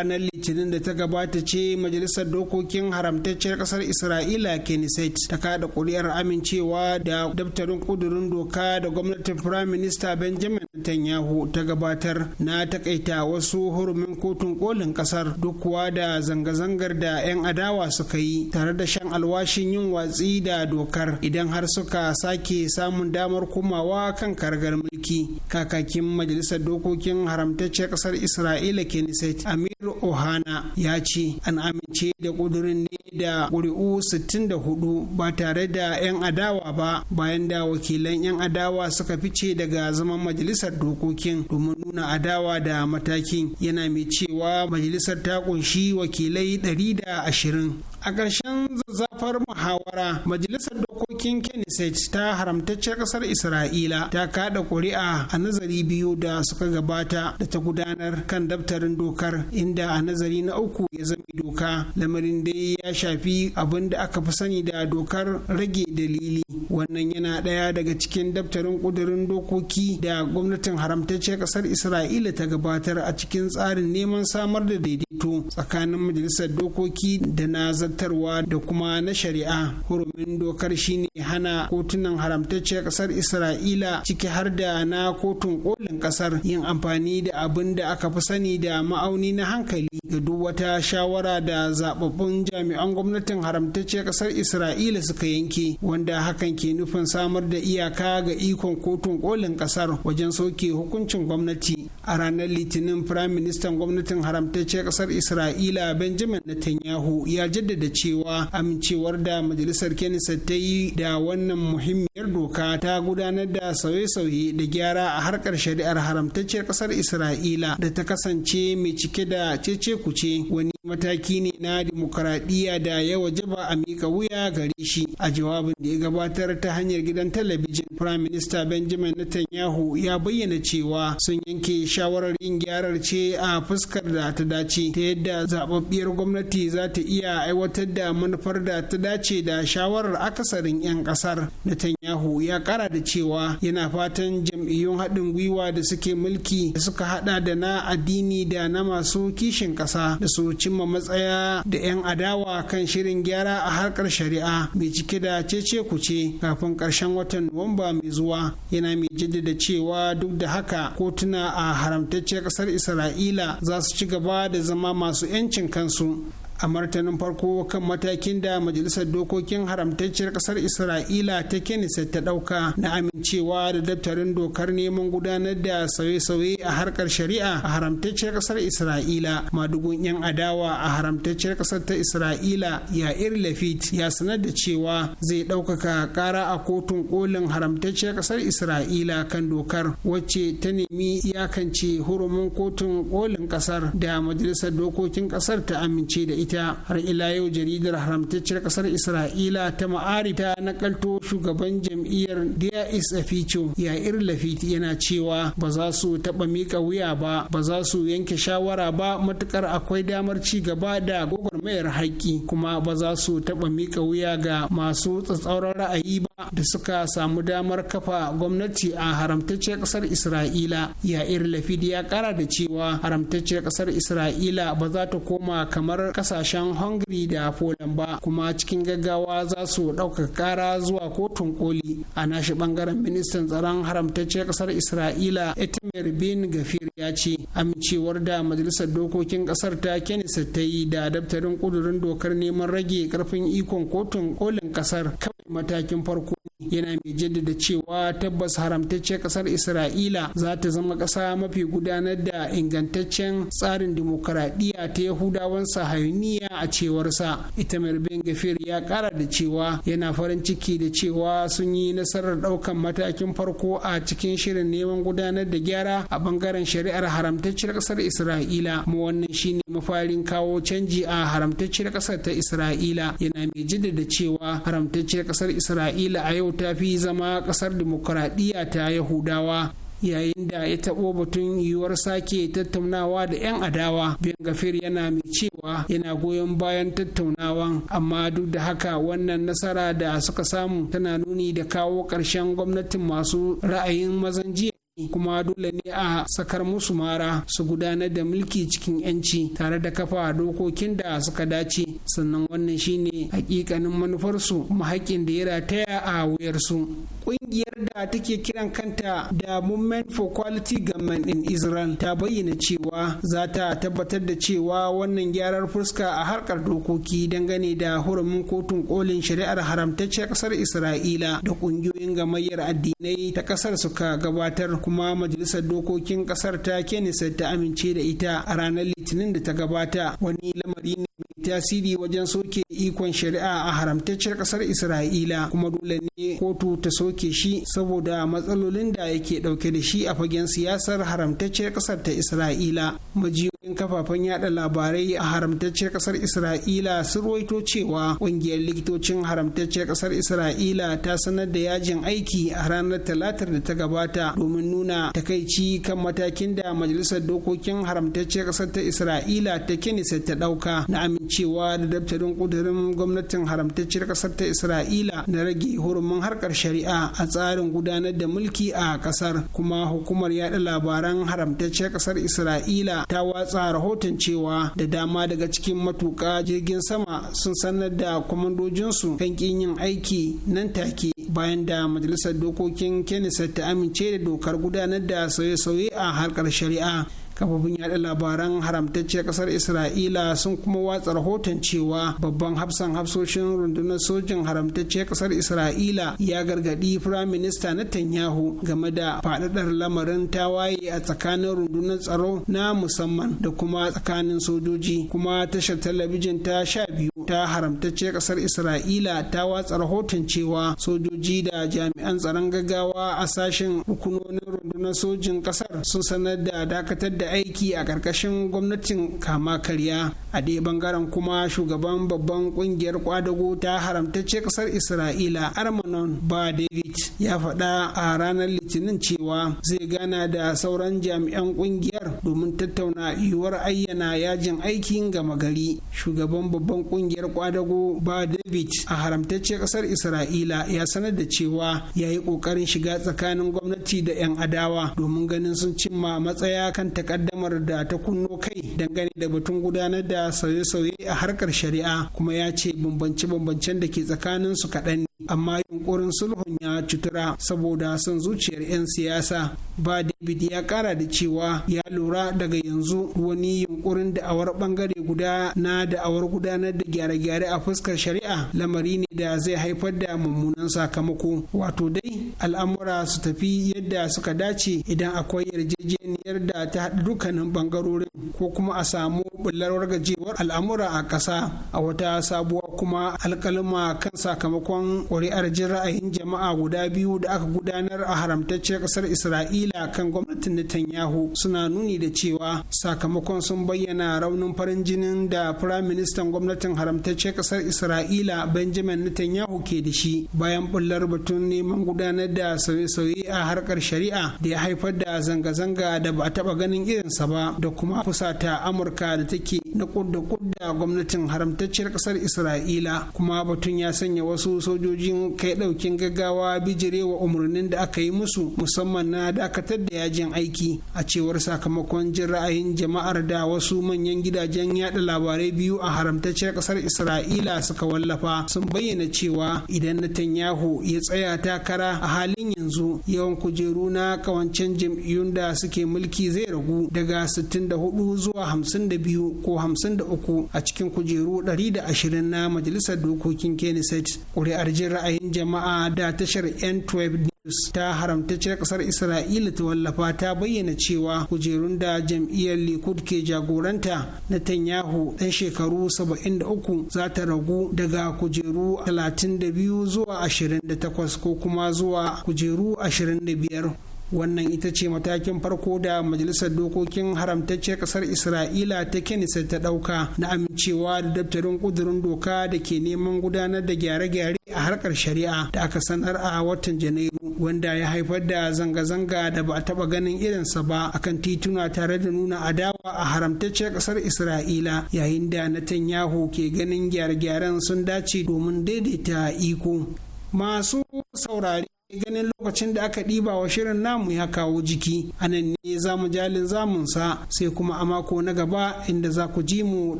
ranar litinin da ta gabata ce majalisar dokokin haramtacciyar kasar isra'ila kenneth ta kada kuri'ar amincewa da daftarin kudurin doka da gwamnatin prime minister benjamin netanyahu ta gabatar na takaita wasu hurumin kotun kolin kasar duk kuwa da zanga-zangar da 'yan adawa suka yi tare da shan alwashin yin watsi da dokar idan har suka sake samun damar komawa kan kargar mulki kakakin majalisar dokokin haramtacciyar kasar isra'ila kenneth amiru ohana ya ce an amince da ƙudurin ne da ƙuri'u 64 ba tare da 'yan adawa ba bayan da wakilan 'yan adawa suka fice daga zaman majalisar dokokin domin nuna adawa da matakin yana mai cewa majalisar ta ƙunshi wakilai 120 a ƙarshen zazzafar muhawara majalisar dokokin kenneth ta haramtacce ƙasar isra'ila ta kada ƙuri'a a nazari biyu da suka gabata da ta gudanar kan daftarin dokar inda a nazari na uku ya zama doka lamarin dai ya shafi abin da aka fi sani da dokar rage dalili wannan yana ɗaya daga cikin daftarin ƙudurin dokoki da gwamnatin haramtacce ƙasar isra'ila ta gabatar a cikin tsarin neman samar da daidaito tsakanin majalisar dokoki da na zartarwa da kuma na shari'a hurumin dokar shine hana kotunan haramtacce kasar isra'ila ciki har da na kotun kolin kasar yin amfani da abin da aka fi sani da ma'auni na hankali ga duk wata shawara da zababbun jami'an gwamnatin haramtacce kasar isra'ila suka yanke wanda hakan ke nufin samar da iyaka ga ikon kotun kolin kasar wajen sauke hukuncin gwamnati a ranar litinin firaministan gwamnatin haramtacce kasar isra'ila benjamin netanyahu ya jaddada Da cewa amincewar da majalisar Kenisa ta yi da wannan muhimmiyar doka ta gudanar da sauye-sauye da gyara a harkar shari'ar haramtacciyar kasar Isra'ila da ta kasance mai cike da cece kuce wani mataki ne na dimokuraɗiyya da ya wajaba a miƙa wuya gare shi a jawabin da ya gabatar ta hanyar gidan talabijin prime minister benjamin netanyahu ya bayyana cewa sun yanke shawarar yin gyarar ce a fuskar da ta dace ta yadda zababbiyar gwamnati za ta iya aiwatar tabbatar da manufar da ta dace da shawarar akasarin 'yan kasar netanyahu ya kara da cewa yana fatan jam'iyyun haɗin gwiwa da suke mulki da suka hada da na addini da na masu kishin ƙasa da su cimma matsaya da 'yan adawa kan shirin gyara a harkar shari'a mai cike da cece kuce kafin karshen watan nuwamba mai zuwa yana mai jaddada cewa duk da haka kotuna a haramtacciyar ƙasar isra'ila za su ci gaba da zama masu 'yancin kansu a martanin farko kan matakin da majalisar dokokin haramtacciyar kasar isra'ila ta kenisa ta dauka na amincewa da daftarin dokar neman gudanar da sauye-sauye a harkar shari'a a haramtacciyar kasar isra'ila madugun yan adawa a haramtacciyar kasar ta isra'ila yair lafit ya sanar da cewa zai ɗaukaka ƙara a kotun kolin haramtacciyar kasar isra'ila kan dokar wacce ta nemi iyakance hurumin kotun kolin kasar da majalisar dokokin kasar ta amince da ita ita har ila yau jaridar haramtacciyar kasar isra'ila ta ma'ari ta nakalto shugaban jam'iyyar dia is ya yair lafiti yana cewa ba za su taɓa mika wuya ba ba za su yanke shawara ba matukar akwai damar ci gaba da gwagwarmayar haƙƙi kuma ba za su taɓa mika wuya ga masu tsatsauran ra'ayi ba da suka samu damar kafa gwamnati a haramtacciyar kasar isra'ila yair lafidi ya kara da cewa haramtacciyar kasar isra'ila ba za ta koma kamar ƙasa kasashen hungary da poland ba kuma cikin gaggawa za su ɗauka kara zuwa kotun koli a nashi bangaren ministan tsaron haramtacciyar kasar isra'ila itamir bin gafir ya ce amincewar da majalisar dokokin kasar ta kenisa ta yi da daftarin kudurin dokar neman rage karfin ikon kotun kolin kasar kawai matakin farko yana mai jaddada cewa tabbas haramtacce kasar isra'ila za ta zama ƙasa mafi gudanar da ingantaccen tsarin dimokuraɗiyya ta yahudawan sahayuni niyya a cewarsa itamar ben gafir ya kara da cewa yana farin ciki da cewa sun yi nasarar daukan matakin farko a cikin shirin neman gudanar da gyara a bangaren shari'ar haramtacciyar kasar isra'ila mu wannan shine mafarin kawo canji a haramtacciyar kasar ta isra'ila yana mai jaddada cewa haramtacciyar kasar isra'ila a yau ta fi zama kasar dimokuraɗiyya ta yahudawa yayin da ya taɓo batun yiwuwar sake tattaunawa da 'yan adawa ben gafir yana mai cewa yana goyon bayan tattaunawan amma duk da haka wannan nasara da suka samu tana nuni da kawo ƙarshen gwamnatin masu ra'ayin mazan jiya kuma dole ne a sakar musu mara su gudanar da mulki cikin yanci tare da kafa dokokin da suka dace sannan wannan shine hakikanin manufarsu kuma haƙƙin da ya rataya a wuyarsu ƙungiyar da take kiran kanta da movement for quality government in israel ta bayyana cewa za ta tabbatar da cewa wannan gyarar fuska a harkar dokoki dangane da hurumin kotun kolin shari'ar haramtacciyar ƙasar isra'ila da ƙungiyoyin gamayyar addinai ta ƙasar suka gabatar kuma majalisar dokokin kasar ta kenisa ta amince da ita a ranar litinin da ta gabata wani lamari ne tasiri wajen soke ikon shari'a a haramtacciyar kasar isra'ila kuma dole ne kotu ta soke shi saboda matsalolin da yake dauke da shi a fagen siyasar haramtacciyar kasar ta isra'ila majiyoyin kafafen yada labarai a haramtacciyar kasar isra'ila sun ruwaito cewa kungiyar likitocin haramtacciyar kasar isra'ila ta sanar da yajin aiki a ranar talatar da ta gabata domin nuna takaici kan matakin da majalisar dokokin haramtacciyar kasar ta isra'ila ta kinisa ta dauka na amincewa da daftarin kudurin gwamnatin haramtacciyar kasar ta isra'ila na rage hurumin harkar shari'a a tsarin gudanar da mulki a kasar kuma hukumar yada labaran haramtacciyar kasar isra'ila ta watsa rahoton cewa da dama daga cikin matuka jirgin sama sun sanar da kwamandojinsu kan kin yin aiki nan take bayan da majalisar dokokin kenisa ta amince da dokar gudanar da sauye-sauye a harkar shari'a kafofin yada labaran haramtacciyar kasar isra'ila sun kuma watsa rahoton cewa babban hafsan hafsoshin rundunar sojin haramtacciyar kasar isra'ila ya gargadi firayim minista netanyahu game da faɗaɗar lamarin tawaye a tsakanin rundunar tsaro na musamman da kuma tsakanin sojoji kuma tashar talabijin ta sha biyu ta haramtacce kasar isra'ila ta watsa rahoton cewa sojoji da jami'an tsaron gaggawa a sashen rukunonin rundunar sojin kasar sun sanar da dakatar da aiki a ƙarƙashin gwamnatin kama karya a dai bangaren kuma shugaban babban ƙungiyar kwadago ta haramtacce kasar isra'ila armanon ba david ya faɗa a ranar litinin cewa zai gana da sauran jami'an ƙungiyar domin tattauna yiwuwar ayyana yajin aikin gama gari shugaban babban ƙungiyar kwadago ba david a haramtacce kasar isra'ila ya sanar da cewa ya yi ƙoƙarin shiga tsakanin gwamnati da 'yan adawa domin ganin sun cimma matsaya kan takardar takaddamar da ta kunno kai dangane da batun gudanar da sauye-sauye a harkar shari'a kuma ya ce bambance-bambancen da ke tsakanin su kaɗan amma yunkurin sulhun ya cutura saboda son zuciyar 'yan siyasa ba david ya kara da cewa ya lura daga yanzu wani yunkurin da'awar bangare guda na da'awar gudanar da gyare-gyare a fuskar shari'a lamari ne da zai haifar da mummunan sakamako wato dai al'amura su tafi yadda suka dace idan akwai yarjejeniyar da ta haɗa dukkanin bangarorin ko kuma a samu bullar gajewar al'amura a ƙasa a wata sabuwa kuma alƙalma kan sakamakon ƙuri'ar jin ra'ayin jama'a guda biyu da aka gudanar a haramtacciyar ƙasar isra'ila kan gwamnatin netanyahu suna nuni da cewa sakamakon sun bayyana raunin farin jinin da firaministan gwamnatin haramtacciyar ƙasar isra'ila benjamin netanyahu ke da shi bayan bullar batun neman gudanar da sauye-sauye a harkar shari'a da ya haifar da zanga-zanga da ba a taɓa ganin irinsa ba da kuma fusata amurka da take na kudda kudda gwamnatin haramtacciyar ƙasar isra'ila kuma batun ya sanya wasu sojoji sojojin kai ɗaukin gaggawa bijirewa umarnin da aka yi musu musamman na dakatar da yajin aiki a cewar sakamakon jin ra'ayin jama'ar da wasu manyan gidajen yada labarai biyu a haramtacciyar ƙasar isra'ila suka wallafa sun bayyana cewa idan netanyahu ya tsaya takara a halin yanzu yawan kujeru na kawancen jam'iyyun da suke mulki zai ragu daga 64 zuwa 52 ko 53 a cikin kujeru 120 na majalisar dokokin kenneset ƙuri'ar jin ra'ayin jama'a da tashar N12 News ta haramtacciyar kasar Isra'ila ta wallafa ta bayyana cewa kujerun da jam'iyyar Likud ke jagoranta na tanyahu dan shekaru 73 za ta ragu daga kujeru 32 zuwa 28 ko kuma zuwa kujeru 25. wannan ita ce matakin farko da majalisar dokokin haramtacciyar kasar isra'ila ta kenisa ta dauka na amincewa da daftarin kudurin doka da ke neman gudanar da gyare-gyare a harkar shari'a da aka sanar a watan janairu wanda ya haifar da zanga-zanga da ba a taba ganin irinsa ba akan tituna tare da nuna adawa a haramtacciyar kasar isra'ila yayin da netanyahu ke ganin gyare-gyaren sun dace domin daidaita iko masu saurari ganin lokacin da aka ɗiba wa shirin namu ya kawo jiki anan ne za mu jalin zamunsa sai kuma a mako na gaba inda za ku ji mu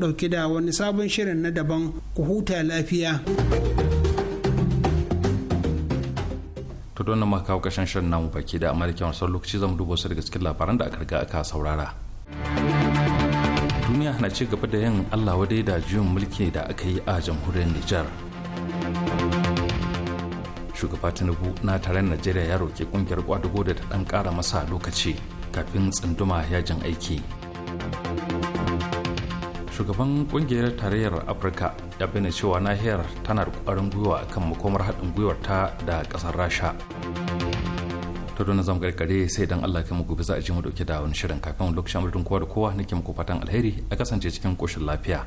ɗauke da wani sabon shirin na daban ku huta lafiya. Tudon don nan kawo kashin shirin namu baki da amma da kyawun sauran lokaci zamu duba su daga cikin labaran da aka riga aka saurara duniya na ci gaba da yin allah wadai da juyin mulki da aka yi a jamhuriyar nijar shugaba tinubu na taron najeriya ya roƙi ƙungiyar kwadugo da ta ɗan ƙara masa lokaci kafin tsunduma yajin aiki shugaban ƙungiyar tarayyar afirka ya bayyana cewa nahiyar tana da ƙwarin gwiwa kan makomar haɗin gwiwar ta da ƙasar rasha to don zama karkare sai dan Allah kai gobe za a ji mu dauke da wani shirin kafin lokacin amurdin kowa da kowa nake muku fatan alheri a kasance cikin koshin lafiya